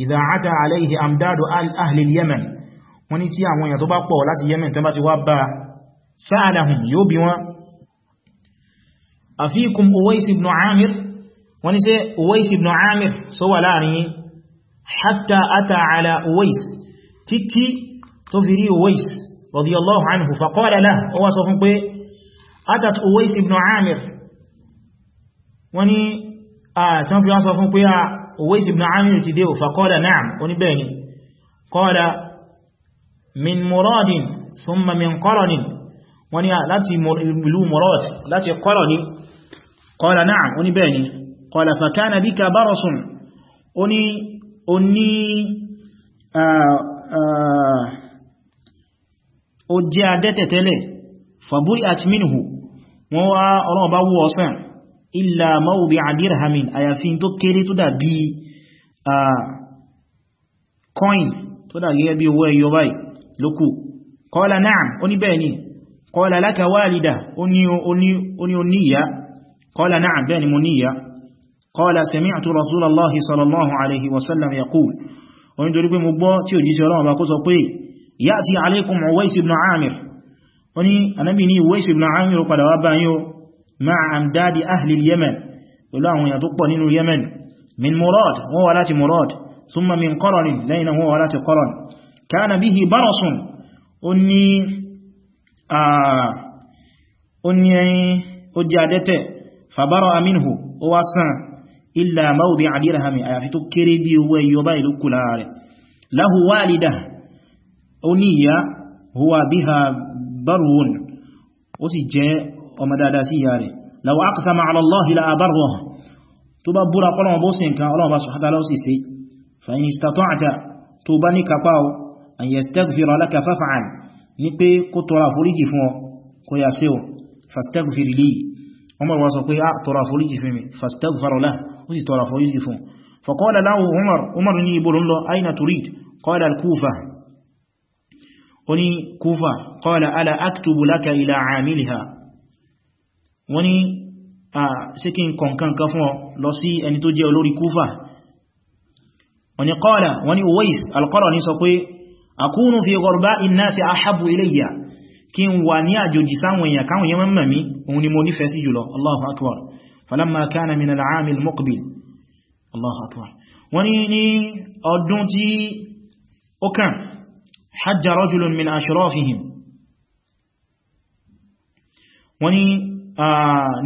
إذا عتى عليه أمداد أهل اليمن وني تيا وين يتبقى ولا اليمن تباتي وابا سألهم يوبوا أفيكم أويس بن عامر وني سي أويس بن عامر سوى لاني hatta ata ala uwais títí tó fi rí uwais radiyallahu anhu faqala lahu ó wá sọ fún pé atat uwais ibn amir wọ́n ni a tán fi wá sọ fún pé a uwais ibn amir ti dé o faqala na'am ó ní bẹ́ẹ̀ ni qala min muradin thumma min qaranin wọ́n ni láti ìlú murad láti qarani qala na'am ó ní ni qala fa kana bika barasun ó ó ní ó jẹ́ adẹ́tẹ̀ tẹ́lẹ̀ fàbúrí àti mínú wọ́n wá ọlọ́wọ́ bá wú ọ̀sán illa mawbi dirhamin àyàfin tó kéré tó dà bí coin tó dà gẹ́gẹ́ bí owó ẹyọ báyìí lókù qala na'am ó ní bẹ́ẹ̀ ni qala laka walida ó ní ó ní ìyá bẹ́ẹ̀ ni mo ní قال سمعت رسول الله صلى الله عليه وسلم يقول وإن دوري مبو تي اوجي الله با كو سو بي ياتي عليكم عويس بن عامر وني انا بي ني عويس بن عامر قد وابا يو مع امداد اهل اليمن ولا هو يدق نينو اليمن من مراد هو ولات مراد ثم من قرن لين هو ولات قرن كان به برص اني آه اني اجادته فبرأ منه وسان illa mawdi'a dirhami àyàfi tó kéré bí owó ẹyọ báyìí ló kù lára rẹ̀ lahu walida ó ní ìyá huwa biha barun ó sì jẹ́ ọmọ dáadáa sí ìyá rẹ̀ law aqsama ala Allahi la abarrah tó bá búra pọ́lọ̀wọ̀n bó sì nǹkan Ọlọ́run Umar wá sọ pé a ah, tọrọ àforíjì fún mi fastaghfara lahu ó sì tọrọ àforíjì fún faqala lahu Umar Umar ní ibo ló ń lọ aina turid qala al-Kufa ó ní Kufa qala ala aktubu laka ila amiliha wọ́n ní a ṣe kí n kọ̀nkan kan fún ọ lọ sí ẹni tó jẹ́ Kufa wọ́n qala wọ́n Uwais al-Qarni sọ pé akunu fi ghurba'i nasi ahabbu ilayya kí n wà ní àjòjì sáwọn èèyàn káwọn yẹn mọ̀ mí òun ni mo nífẹ̀ẹ́ sí jùlọ Allahu akbar falamma kana min al-aam al-muqbil Allahu akbar wọ́n ní ní ọdún tí ó kàn hajja rajulun min ashrafihim wọ́n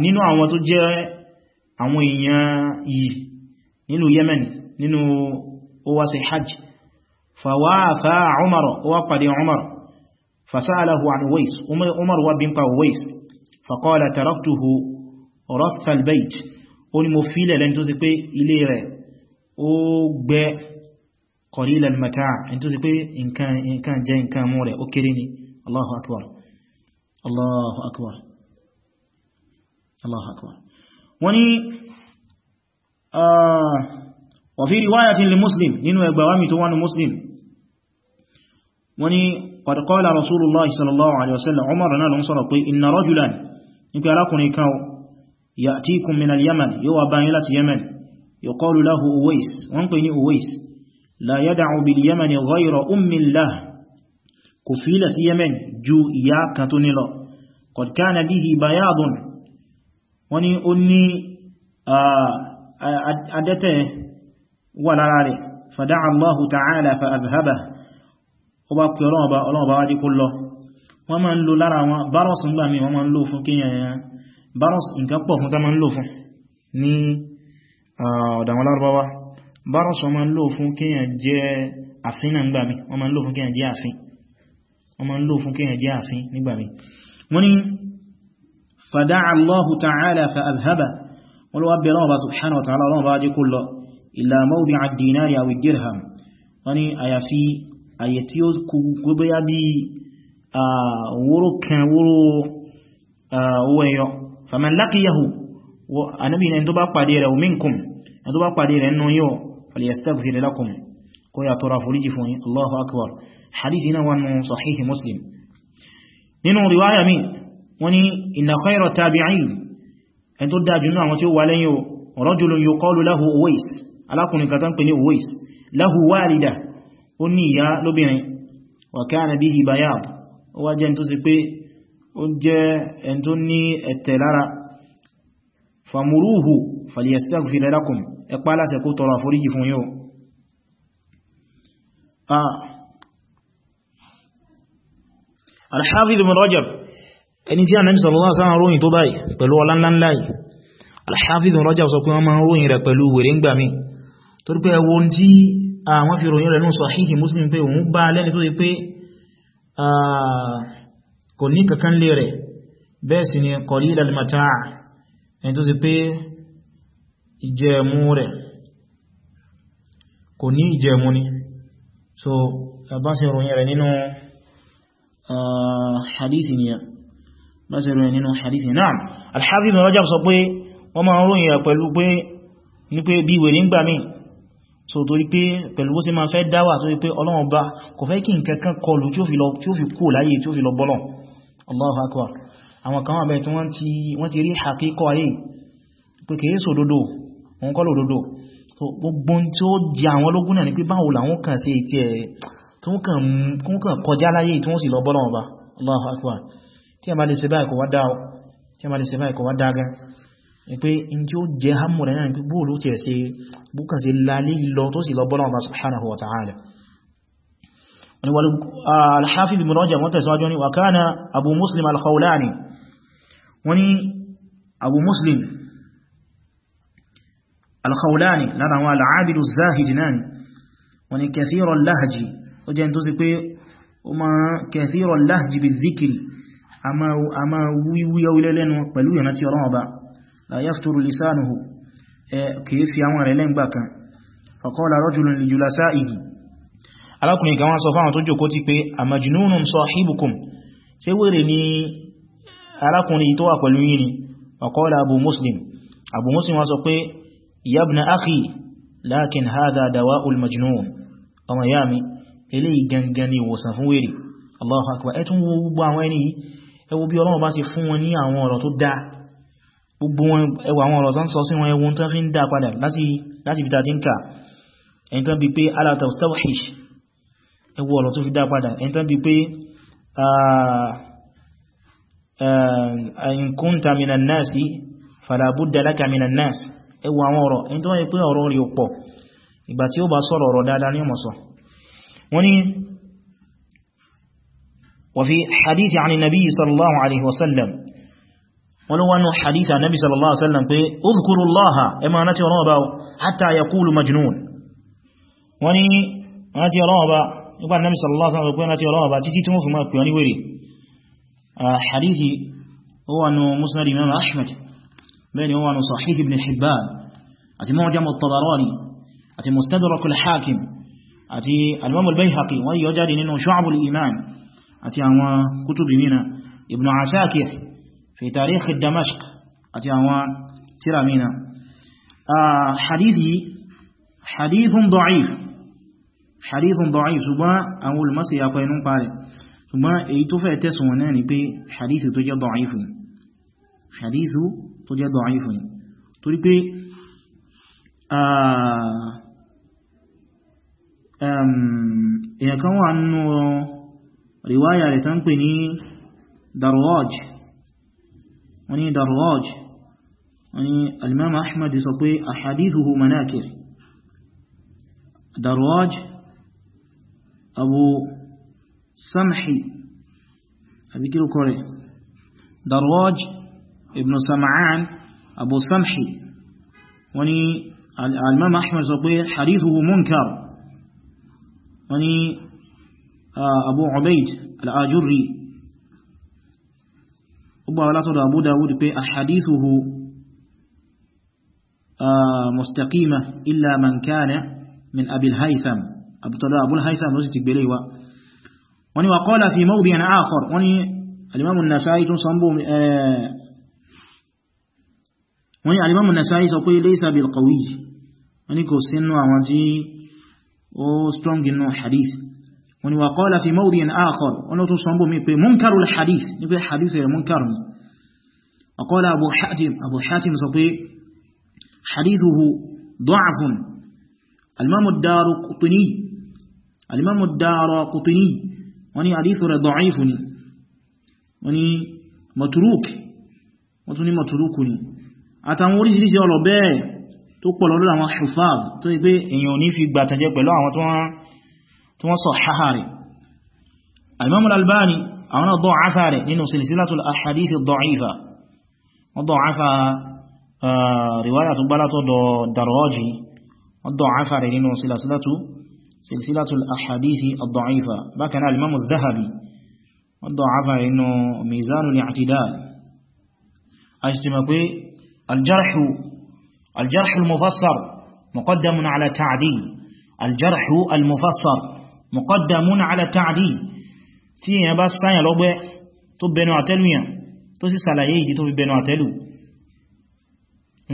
nínú àwọn tó jẹ́ àwọn èèyàn yìí nínú Yemen nínú ó wá ṣe hajj fawafa Umar ó wá pàdé Umar فسأله عن ويس عمر وابن ويس فقال تركته رث البيت ó ní mo fílẹ̀ lẹ́ni tó sì pé ilé rẹ̀ ó gbẹ́ kọ̀rílẹ̀ mẹ́ta ẹni tó sì pé nǹkan jẹ nǹkan mú rẹ̀ ó kéré ni Allahu akbar Allahu akbar Allahu akbar wọ́n ni ah, wa fi riwayatin li Muslim nínú ẹgbàwámi tó wánu Muslim wọ́n ni قد قال رسول الله صلى الله عليه وسلم عمر náà ló ń sọ̀rọ̀ pé inna rajulan nípa arákùnrin kan ya'tikum min al-yaman yóò wà báyìí láti yemen yuqalu lahu uwais wọ́n pè ní uwais la yada'u bil yamani ghayra ummin lah kò fílẹ̀ sí yemen ju ìyá kan tó nílọ qad kana bihi bayadun wọ́n ni ó ní adẹ́tẹ̀ wà lára rẹ̀ fada'a Allahu ta'ala fa adhhabahu ó bá pè ọlọ́ọ̀bá ọlọ́ọ̀bá wájí kó lọ wọ́n máa ń lo lára wọn baros ń gbà mí wọ́n máa ń lò fún kíyàn ẹ̀yàn baros nǹkan pọ̀ fún tá máa ń lò fún ní ọ̀dàwọn lárúbáwá baros wọ́n máa ń lò fún kíyàn jẹ́ àfin náà gbà mí wọ́n máa ń lò fún kíyàn jẹ́ jẹ́ àfin nígbà mí wọ́n ní fadaa Allahu ta'ala fa adhaba wọ́n wá bẹ̀rẹ̀ ọba subhanahu wa ta'ala ọlọ́ọ̀bá wájí kó lọ ila mawdi'a ad-dinari aw wọ́n ní àyàfi àyè tí ó kú gbogbo ya bí wóró kan wóró owó ẹyọ faman laqiyahu anábì ẹni tó bá pàdé rẹ̀ minkum ẹni tó bá pàdé rẹ̀ nù yíò falyastaghfir lakum kó yà tọrọ àforíjì fún yí Allahu akbar hadith iná wọn nù sahihi muslim nínú riwaya mi wọ́n rajulun yuqalu lahu Uwais alákùnrin kàtàn pè ní Uwais lahu walida ó ní ìyá lóbìnrin wa kana bihi bayad ó wá jẹ́ tó sì pé ó jẹ́ ẹn tó ní ẹ̀tẹ̀ lára famuruhu falyastaghfir lakum ẹ̀pá láṣẹ kó tọrọ àforíjì fún yóò al-Hafidh ibn Rajab ẹni tí a nàbí sallallahu alaihi wasallam ròyìn tó báyìí pẹ̀lú ọlánlánláì al-Hafidh Rajab sọ pé wọ́n máa ròyìn rẹ̀ pẹ̀lú wèrè ń gbàmí torípé ẹwọ́n tí àwọn ah, fi ròyìn rẹ̀ ní Sahihi Muslim pé òun bá lẹ́ni tó ti pé ah, kò ní kankan lè rẹ̀ bẹ́ẹ̀ sì ni qalil al ẹni tó ti pé ìjẹ̀mú rẹ̀ kò ní ìjẹ̀mú ni so bá sì ròyìn rẹ̀ nínú ah, hadithi ni bá sì ròyìn nínú hadithi náà al-Hafiz Ibn Rajab sọ pé wọ́n máa ń ròyìn ní pé bí wèrè ń gbà míì so torí pé m'a bó dawa, máa fẹ́ dáwà torí pé ọlọ́run bá kò fẹ́ kí nǹkankan kọlù tí ó fi kú láyé tí ó fi lọ bọ́lọ̀ Allahu akbar àwọn kan wà bẹ́ẹ̀ tí wọ́n ti rí àkíkọ́ ayé pé kìí sọ òdodo wọn kọ́ lòdodo gbogbo tí ó jẹ àwọn ológun náà ni pé báwo làwọn kàn ṣe ti ẹ̀ tí wọ́n kàn kọjá láyé tí wọ́n sì lọ bọ́lọ̀ ọba Allahu akbar tí a bá lè ṣe báyìí kò wá dáa pé in tí ó jẹ hamu rẹ̀ náà ni pé bóò ló tẹ̀ sí búkà sí lálé lọ tó sì lọ bọ́lá ọba subhanahu wa ta'ala wani wal al-hafiz ibn rajab wọ́n tẹ̀síwájú ni wa abu muslim al wani abu muslim al-khawlani lára zahid náà wani kathira lahji ó jẹ́ la yafturu lisanuhu kìí fi àwọn rẹ̀ lẹ́ngbà kan faqala rajulun li julasa'ihi alákùnrin kan wá sọ fáwọn tó jòkó ti pé amajnunun sahibukum ṣé wèrè ni alákùnrin tó wà pẹ̀lú yín ni faqala abu muslim abu muslim wá sọ pé yabna akhi lakin hadha dawa'ul majnun ọmọ ìyá mi eléyìí gangan ni ìwòsàn fún wèrè akbar ẹ̀tún wo gbogbo àwọn ẹni ẹwọ bí Ọlọ́run bá ṣe fún wọn ní àwọn ọ̀rọ̀ tó dáa gbogbo wọn ẹwà àwọn ọ̀rọ̀ sánsọ sí wọn ẹwọ́n tán fi ń dá padà láti bíta tí ń kà ẹni tán bí pé aláta stawhish ẹwọ ọ̀rọ̀ tó fi dá padà ẹni tán bí pé in kunta minan nasi fala budda laka minan nasi ẹwọ àwọn ọ̀rọ̀ ẹni tó wáyé pé ọ̀rọ̀ rí wọn ló wánú haditha nabi sallallahu alaihi wasallam pé uzkurullaha ẹ máa rántí ọlọ́wọ́ bá hatta yaqulu majnun wọ́n ni rántí ọlọ́wọ́ bá nígbà nabi sallallahu alaihi wasallam pé rántí ọlọ́wọ́ bá títí tí wọ́n fi máa pè ọ ní wèrè hadithi ó wà nù musnad imam ahmad bẹ́ẹ̀ ni ó wà nù sahih ibn hibban àti mu'jam at-tabarani àti mustadrak al-hakim àti al-imam al-bayhaqi wọ́n yọ jáde nínú shu'ab al-iman àti àwọn kútùbì mìíràn ibn asakir fi tarikh Damashq àti àwọn tírà míì náà hadithi hadithun da'if hadithun da'if ṣùgbọ́n àwọn olùmọ́sí ya pẹ̀lú ń parẹ̀ ṣùgbọ́n èyí tó fẹ́ tẹ́sùn wọn náà ni pé hadithu tó jẹ́ da'if ni hadithu tó jẹ́ da'if ni torí pé èyàn kan wà nínú riwaya rẹ̀ tán pè ní darwaj وني دراج وني الإمام أحمد يسطي أحاديثه مناكر دراج أبو سمحي أبي كيلو كوري دراج ابن سمعان أبو سمحي وني الإمام أحمد يسطي حديثه منكر وني آه، أبو عبيد الآجري ọgbà látọ̀dọ̀ Abu Dawud pé ahadithuhu mustaqima illa man kana min abil haitham abutọ̀dọ̀ abul haitham ló sì ti gbélé wa wani wa qala fi mawdi'in akhar wani alimamun nasa'i tún sanbó wani alimamun nasa'i sọ pé laysa bil qawi wani kò sínú àwọn tí ó strong inú hadith wọ́n ni wà qala fi mawdhi'in akhar wọ́n tó sọ́nbò mi pé munkarul hadith ní pé hadith rẹ̀ munkar ni wa qala abu hatim abu hatim sọ pé hadithuhu da'afun al-imam ad-daraqutni al-imam hadith rẹ̀ da'ifun ni wọ́n wọ́n tún ni matruku ni tí wọ́n sọ ṣáhá rẹ̀ Imam al-Albani àwọn náà da'afa rẹ̀ nínú silsilatul ahadith ad-da'ifa wọ́n da'afa riwaya tó gbálátọ̀ Daraqi wọ́n da'afa rẹ̀ nínú silsilatul ahadith ad-da'ifa bákan náà Imam al-Dhahabi wọ́n da'afa rẹ̀ nínú Mizanul I'tidal الجرح الجرح المفسر مقدم على تعديل الجرح المفسر muqaddamun ala ta'dil tí èyàn bá sáyàn lọ́gbẹ́ tó bẹnu àtẹ́lù yàn tó sì sàlàyé ìdí tó fi bẹnu àtẹ́lù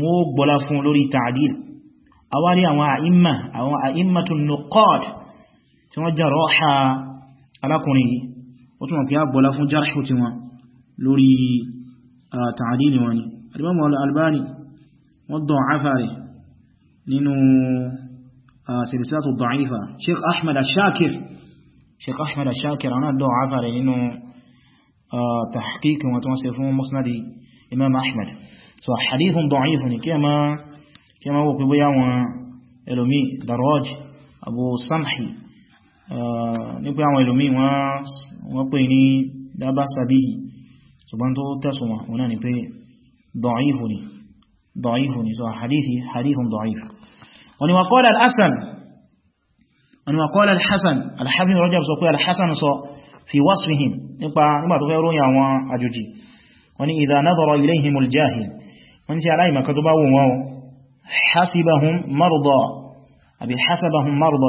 wọ́n gbọ́lá fún lórí ta'dil awárí àwọn àìmà àwọn àìmàtun nuqad tí wọ́n jẹ́rọ ọ̀há alákùnrin yìí ó túnmọ̀ pé a gbọ́lá fún سلسلة ضعيفة شيخ أحمد الشاكر شيخ أحمد الشاكر أنا دعا عفر إنه تحقيق وتوصفون مسند إمام أحمد سو حديث ضعيف كما كما هو قبيا وإلومي دراج أبو سمحي نقبيا وإلومي وقبيني داباس به سبحان تو تسمع وناني ضعيفني ضعيفني سو حديثي حديث ضعيف wọ́n ni wọ́n kọ́lá al'asan wọ́n ni wọ́n kọ́lá al'asan alhafin rajab sọ pé al'asan sọ fi wasfihim nípa nígbàtí fẹ́ ròyìn àwọn àjòjì wọ́n ni idha nadara ilayhimul jahil wọ́n ni sí aláìmọ̀ká tó bá wù wọ́n hasibahum marda àbí hasabahum marda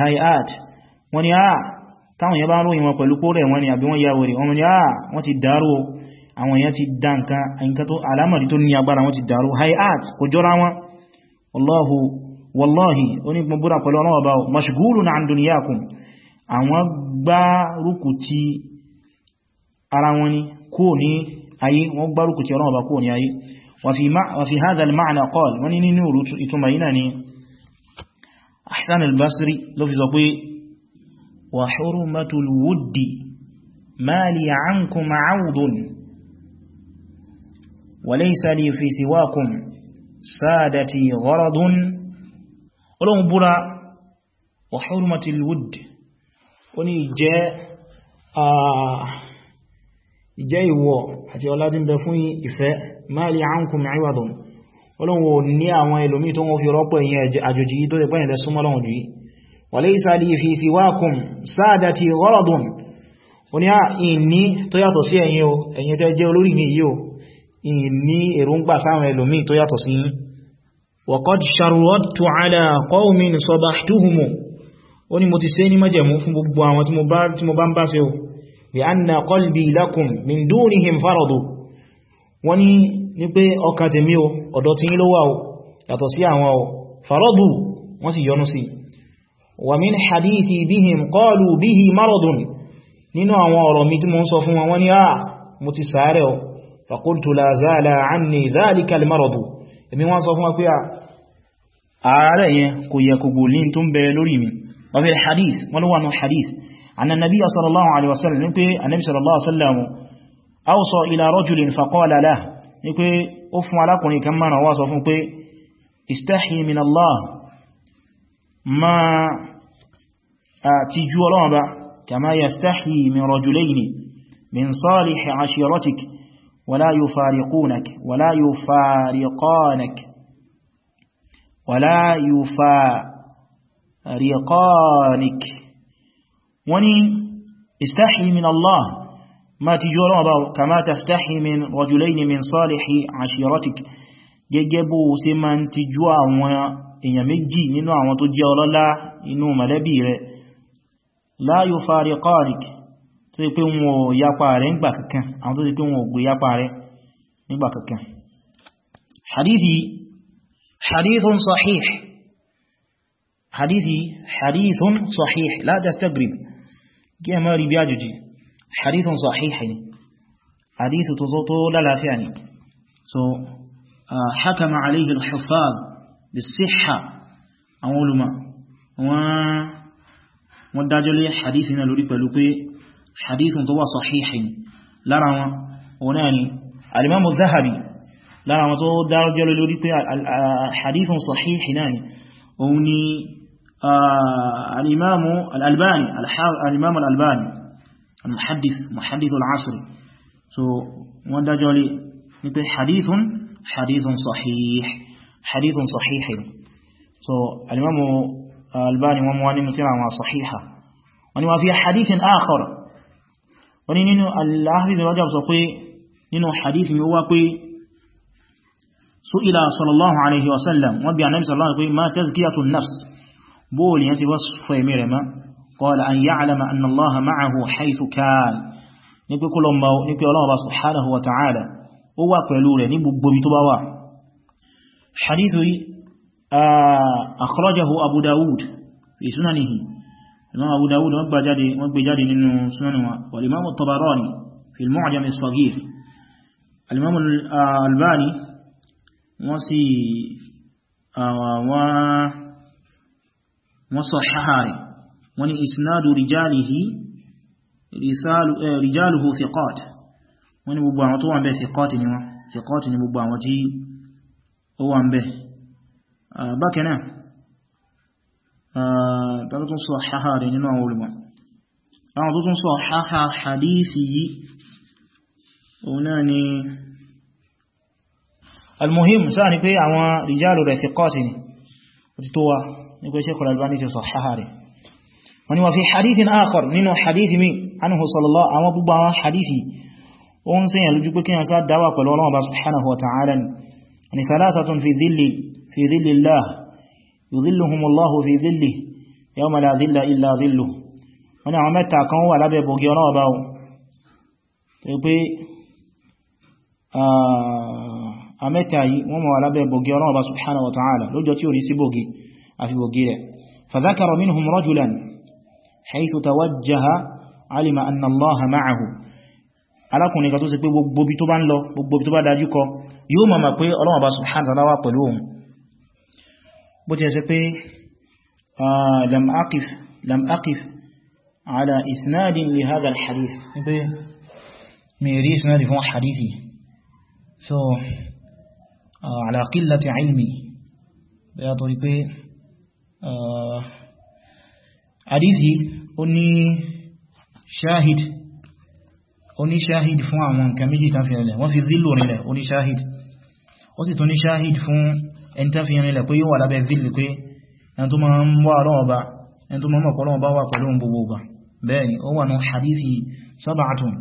hayat wọ́n ni a ah, táwọn yẹn bá ròyìn wọn pẹ̀lú kórẹ̀ wọ́n ni àbí wọ́n yàwó rẹ̀ wọ́n ni a ah, wọ́n ti dárò àwọn èèyàn ti dá nǹkan àyíká tó alámọ̀dí tó ní agbára wọ́n ti dárò hayat kò jọra wọn wallahu wallahi oní gbọ́gbọ́ra pẹ̀lú ọlọ́wọ́ bá mashghulun an Ahsan al-Basri ló fi sọ pé wa hurmatul wuddi ma li ankum audun wa laysa li fi siwakum sadati gharadun Ọlọ́run búra wa hurmatul wuddi ó ní ìjẹ́ ìjẹ́ ìwọ̀ àti ọlá bẹ fún ìfẹ́ ma li ankum audun ọlọ́run ní àwọn ẹlòmí tó wọ́n fi rọ́pọ̀ èyàn àjòjì tó lè pẹ́yìn lẹ́sùn mọ́lọ́run jù walaysa li fi siwakum sadati gharadun ó ní àìní tó yàtọ̀ sí ẹ̀yin o ẹ̀yin tẹ́ jẹ́ olórí mi yìí o ìní èròǹgbà sáwọn ẹlòmí tó yàtọ̀ sí wa qad sharrattu ala qaumin sabahtuhum ó ní pé ọkà tèmi o ọ̀dọ̀ tí yí ló wà o yàtọ̀ sí àwọn o faradu wọ́n sì yọnu sí wà min hadithi bihim qalu bihi maradun nínú àwọn ọ̀rọ̀ mi tí mo ń sọ fún wọn ní à ah, mo ti sàárẹ̀ o faqultu la zala anni dhalika almaradu èmi wọ́n sọ fún wọn ah, ní pé ó fún alákùnrin kan mọ́ràn wá sọ fún pé istahi min Allah ma a tijú ọlọ́run ba kama yastahi min rajulayni min salihi ashiratik wala yufariqunak wala yufariqanak wala yufariqanik wani istahi Allah ma ti jọ lọ́wọ́ báwọ̀ kama tastahi min rajulaini min salihi ashiratik gẹ́gẹ́ bó ṣe ma ń ti jọ àwọn èèyàn méjì nínú àwọn tó jẹ́ ọlọ́lá inú mọ̀lẹ́bí rẹ̀ la yufariqanik tó ti pé wọn ò yapa rẹ̀ nígbà tó pé wọn yapa rẹ̀ nígbà kankan hadithi rí bí àjòjì hadith sahih ni hadith tó tó lálàáfíà ni so uh, hakama alayhi al-huffaz bis-sihha àwọn ulama wọ́n dájọ́ lé hadith náà lórí pẹ̀lú pé hadith tó wà sahih ni lára wọn òun náà ni al-imam az-zahabi lára wọn tó dájọ́ lé lórí pé uh, hadith sahih náà ni òun ni uh, al-imam al-albani al-imam al-albani المحدث محدث العصر سو وندا جولي نبي حديث حديث صحيح حديث صحيح سو الامام الباني امام واني مسلم ما صحيح واني ما في حديث اخر واني نينو الاحفظ رجب سوكي نينو حديث مواكي سئل صلى الله عليه وسلم وبيع النبي صلى الله عليه وسلم ما تزكية النفس بول ينسي وصف يميري ما قال أن يعلم أن الله معه حيث كان نبي كل ما نبي الله سبحانه وتعالى هو قلول نبي بمي تباوا حديث آه، أخرجه أبو داود في سننه الإمام أبو داود مبا جادي من سننه والإمام الطبراني في المعجم الصغير الإمام آه، الباني وسي وصححاري آه، wọ́n ní isnadu rijalihi eh, rijaluhu thiqat wọ́n ní gbogbo àwọn tó wà ń bẹ thiqat ni wọ́n thiqat ni gbogbo àwọn tí ó wà ń bẹ ah, bákanáà ah, tàbí sọ àhá rẹ̀ nínú àwọn olùmọ̀ àwọn tó tún sọ àhá hadithi yìí òun náà ni almuhim sáà ni pé àwọn rijalu rẹ̀ thiqat ni ó ti tó wa ní pé Sheikh Al-Albani ti sọ àhá rẹ̀ wọ́n ni wọ́n fi hadithin akhar nínú hadithi mi anhu sallallahu àwọn gbogbo àwọn hadithi ó ń sẹ́yàn lójú pé kí yàn sá dáwà pẹ̀lú ọlọ́wọ́ bá subhanahu wa ta'ala ni thalathatun fi dhilli fi dhilli llah yudhilluhumullahu fi dhilli yawma la حيث توجه علم أن الله معه alákùnrin kan tó ṣe pé gbogbo bí tó bá ń lọ gbogbo bí tó bá dájú kọ yóò mọ̀ mọ̀ pé Ọlọ́run bá subhanahu wa ta'ala wà pẹ̀lú òun bó ti ẹ̀ṣẹ́ pé lam ala isnadin li hadha al pé mẹ́rí isnadin fún hadithi so ala qillati ilmi bẹ́yà torí pé ó ní shahid ó ní shahid fún àwọn nǹkan méjì tán fi rìnlẹ̀ wọ́n fi zílù rìnlẹ̀ ó ní shahid ó sì tún ní shahid fún ẹni tán fi rìnlẹ̀ pé yóò wà lábẹ́ zílù pé ẹni tó máa ń wà rọ́ọ̀bá ẹni tó máa ń mọ̀kọ́lọ́ọ̀bá wà pẹ̀lú gbogbo ọba عنه ni ó wà ní hadithi sab'atun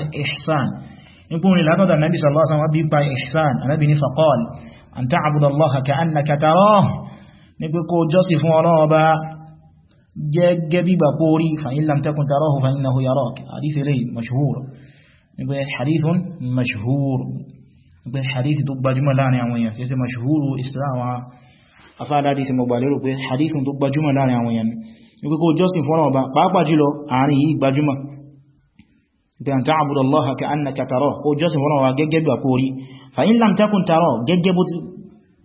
ní pé nípò orin látọ́dà nàbí sallallahu alaihi wasallam bí pa ihsan anábì ní faqal an ta'budu allaha ka'annaka tarahu ní pé kó jọ́sìn fún ọlọ́wọ́ bá gẹ́gẹ́ bí gbà kó rí fa in lam takun tarahu fa innahu yarak hadith ilé mashhur ní pé hadithun mashhur ní pé hadith tó gbajúmọ̀ láàrin àwọn èèyàn kìí sí mashhuru islam afáàdádì sí mo bí an ta'abudu allaha ka annaka tara ó jọ́sìn wọ́n wa gẹ́gẹ́ bí àkórí fa in lam takun tara gẹ́gẹ́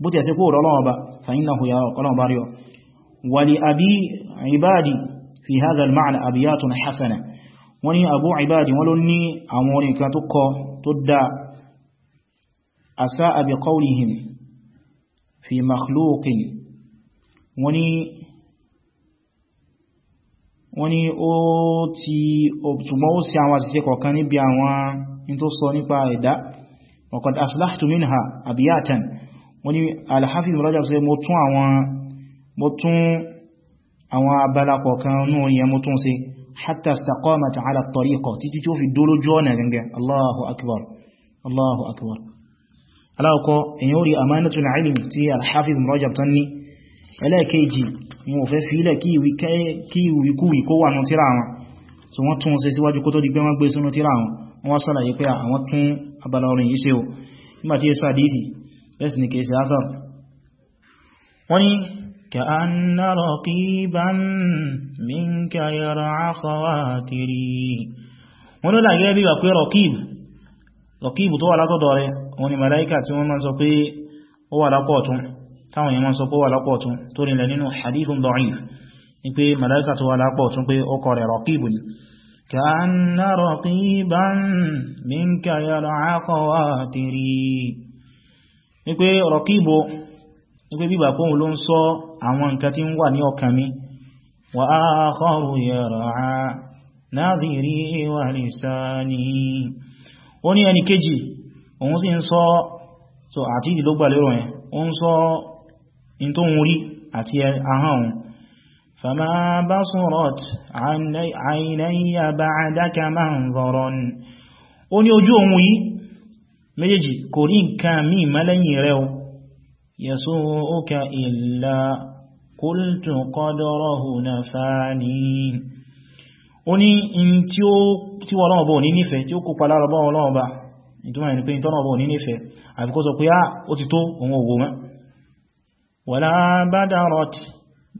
bó ti ẹ̀sẹ̀ kó rọ lọ́wọ́ ba fa innahu yara ọ̀kọ́lọ́wọ́ bá rí ọ wa li abi ibadi fi hadha al-ma'na wọ́n ló ní àwọn orin kan tó kọ tó dá asa abi qawlihim fi makhluqin wọ́n ní wọ́n ní ó ti ṣùgbọ́n ó sì àwọn àṣìṣe kọ̀ọ̀kan níbi àwọn in tó sọ nípa ẹ̀dá waqad aslahtu minha abiyatan wọ́n ní al-Hafiz Ibn Rajab sọ mo tún àwọn mo tún àwọn abala kọ̀ọ̀kan nú ìyẹn mo tún ṣe hatta istaqamat ala at-tariqa títí tí ó ẹlẹ́ẹ̀kejì wọn ò fẹ́ fílẹ̀ kí ìwíkúwì kó wà ní tíra wọn so wọ́n tún ṣe síwájú kó tó di pé wọ́n gbé e sínú tíra wọn wọ́n wá sàlàyé pé àwọn tún abala orin yìí ṣe o nígbàtí ẹ sàdíìsì bẹ́ẹ̀ sì ni kèsì asar wọ́n ni كأن رقيبا منك يرعى ni táwọn èèyàn sọ pé wà lápọ̀ tún tó nílẹ̀ nínú hadithun da'if ní pé màláíkà tó wà lápọ̀ tún pé ọkọ̀ rẹ̀ raqib ni ka'anna raqiban minka yal'a qawatiri ní pé raqibo ní pé ń sọ àwọn ń wà ń sọ so àti ìdílógbà ń sọ in tó ń rí àti ahọ́n òun fama basurat aynaya ba'daka manzaran ó ní ojú òun yìí méjèèjì kò rí nǹkan míì mọ́ lẹ́yìn rẹ̀ o yasu'uka illa qultu qadrahu nafani ó ní in tí ó tí wọ́n lọ́wọ́ bọ̀ ní nífẹ̀ẹ́ tí ó kópa ولا بدرت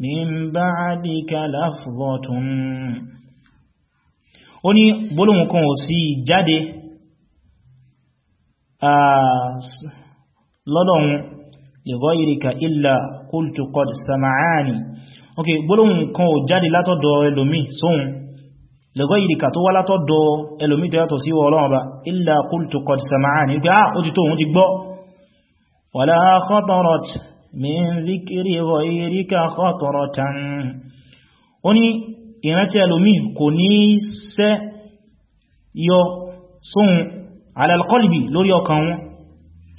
من بعدك لفظة ó ní gbólóhùn kan ò sí jáde lọ́dọ̀un ìgọ́ ìrìkà illa qultu qad sama'ani ok gbólóhùn kan ò jáde látọ̀dọ̀ ẹlòmí sóhun lẹ́gọ́ ìrìkà tó wá látọ̀dọ̀ ẹlòmí tó yàtọ̀ sí Ọlọ́run bá illa qultu qad sama'ani wípé ah ti tó òun ti gbọ́ wala khatarat min zikiri ghayrika khatratan ó ní ìrántí ẹlòmí kò ní sẹ́ yọ sóhun ala alqalbi lórí ọkàn wọn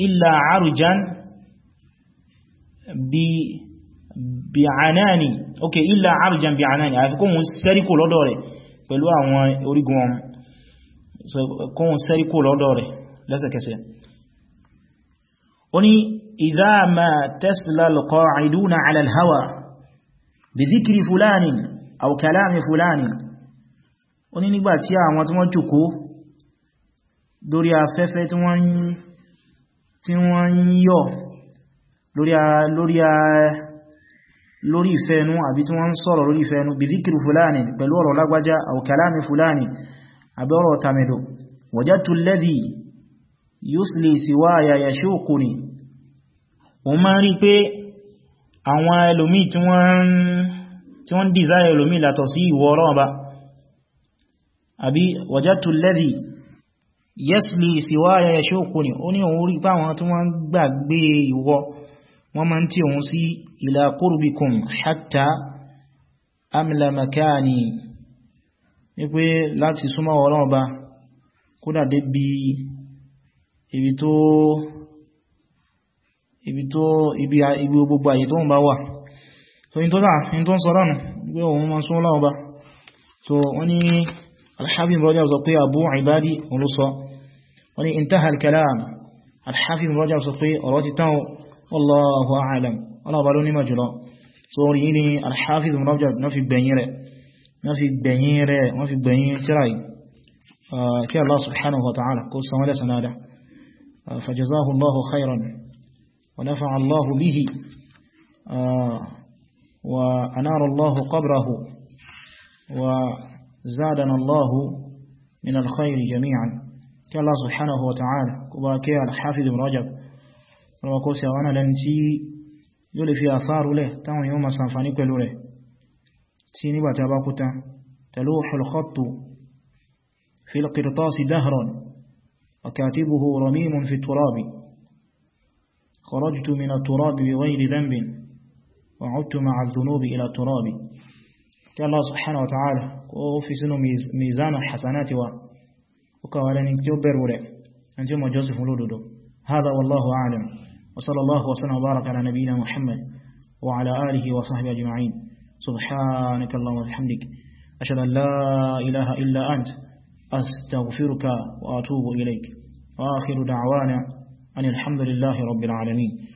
illa arujan bi bi anani ok illa arujan bi anani àfikún sẹ́ríkò lọ́dọ̀ rẹ̀ pẹ̀lú àwọn orígun wọn kóhun sẹ́ríkò lọ́dọ̀ rẹ̀ lẹ́sẹ̀kẹsẹ̀ ó ní إذا ما تسلى القاعدون على الهوى بذكر فلان أو كلام فلان ó ní nígbà tí àwọn tí wọ́n jùkó lórí afẹ́fẹ́ tí wọ́n ń yọ̀ lórí ìfẹ́nu àbí tí wọ́n ń sọ̀rọ̀ lórí ìfẹ́nu bí zíkìrì fulani pẹ̀lú ọ̀rọ̀ lágbájá aw kalami fulani àbí ọ̀rọ̀ tamido wajadtu alladhi yusli siwaya yashuquni o máa rí pé àwọn ẹlòmí tí wọ́n ń dìzáyà ẹlòmí látọ̀ sí ìwọ ọlọ́wọ́ bá àbí wajadtu alladhi yasli siwaya yashukuni ó ní òun rí pé àwọn tí wọ́n gbàgbé ìwọ wọ́n máa ń tí òun sí ila qurbikum hatta amla wípé láti súnmọ́ ọlọ́wọ́ kódà débi ibi tó ibi tó ibi ibi gbogbo àyè tó ń bá wà so in tó dà in tó ń sọ lọ́nà pé òun ma sún lọ́wọ́ bá so wọ́n ni alhafi rọ́jà sọ pé abu ibadi òun ló sọ wọ́n ni intaha al-kalam alhafi rọ́jà sọ pé ọ̀rọ̀ ti tán wallahu a'lam ọlọ́ọ̀bá ló nímọ̀ jùlọ so rí ní alhafi rọ́jà na fi gbẹ̀yìn rẹ̀ na fi gbẹ̀yìn rẹ̀ wọ́n fi gbẹ̀yìn tíra ah, kí Allah subhanahu wa ta'ala kó sanwó lẹ́sàn ah, fajazahu Allahu khairan ونفع الله به آه، وأنار الله قبره وزادنا الله من الخير جميعا كالله سبحانه وتعالى كباكي الحافظ بن رجب وكوسي وانا لنتي يولي في أثار له تاون يوم سنفانيك له تيني باتباكتا تلوح الخط في القرطاس دهرا وكاتبه رميم في التراب خرجت من التراب بغير ذنب وعدت مع الذنوب إلى التراب الله سبحانه وتعالى وفي سنو ميزان الحسنات وقال نكتب بروري أنتم جوزف لودو هذا والله أعلم وصلى الله وسلم وبارك على نبينا محمد وعلى آله وصحبه أجمعين سبحانك اللهم وبحمدك أشهد أن لا إله إلا أنت أستغفرك وأتوب إليك وآخر دعوانا أن الحمد لله رب العالمين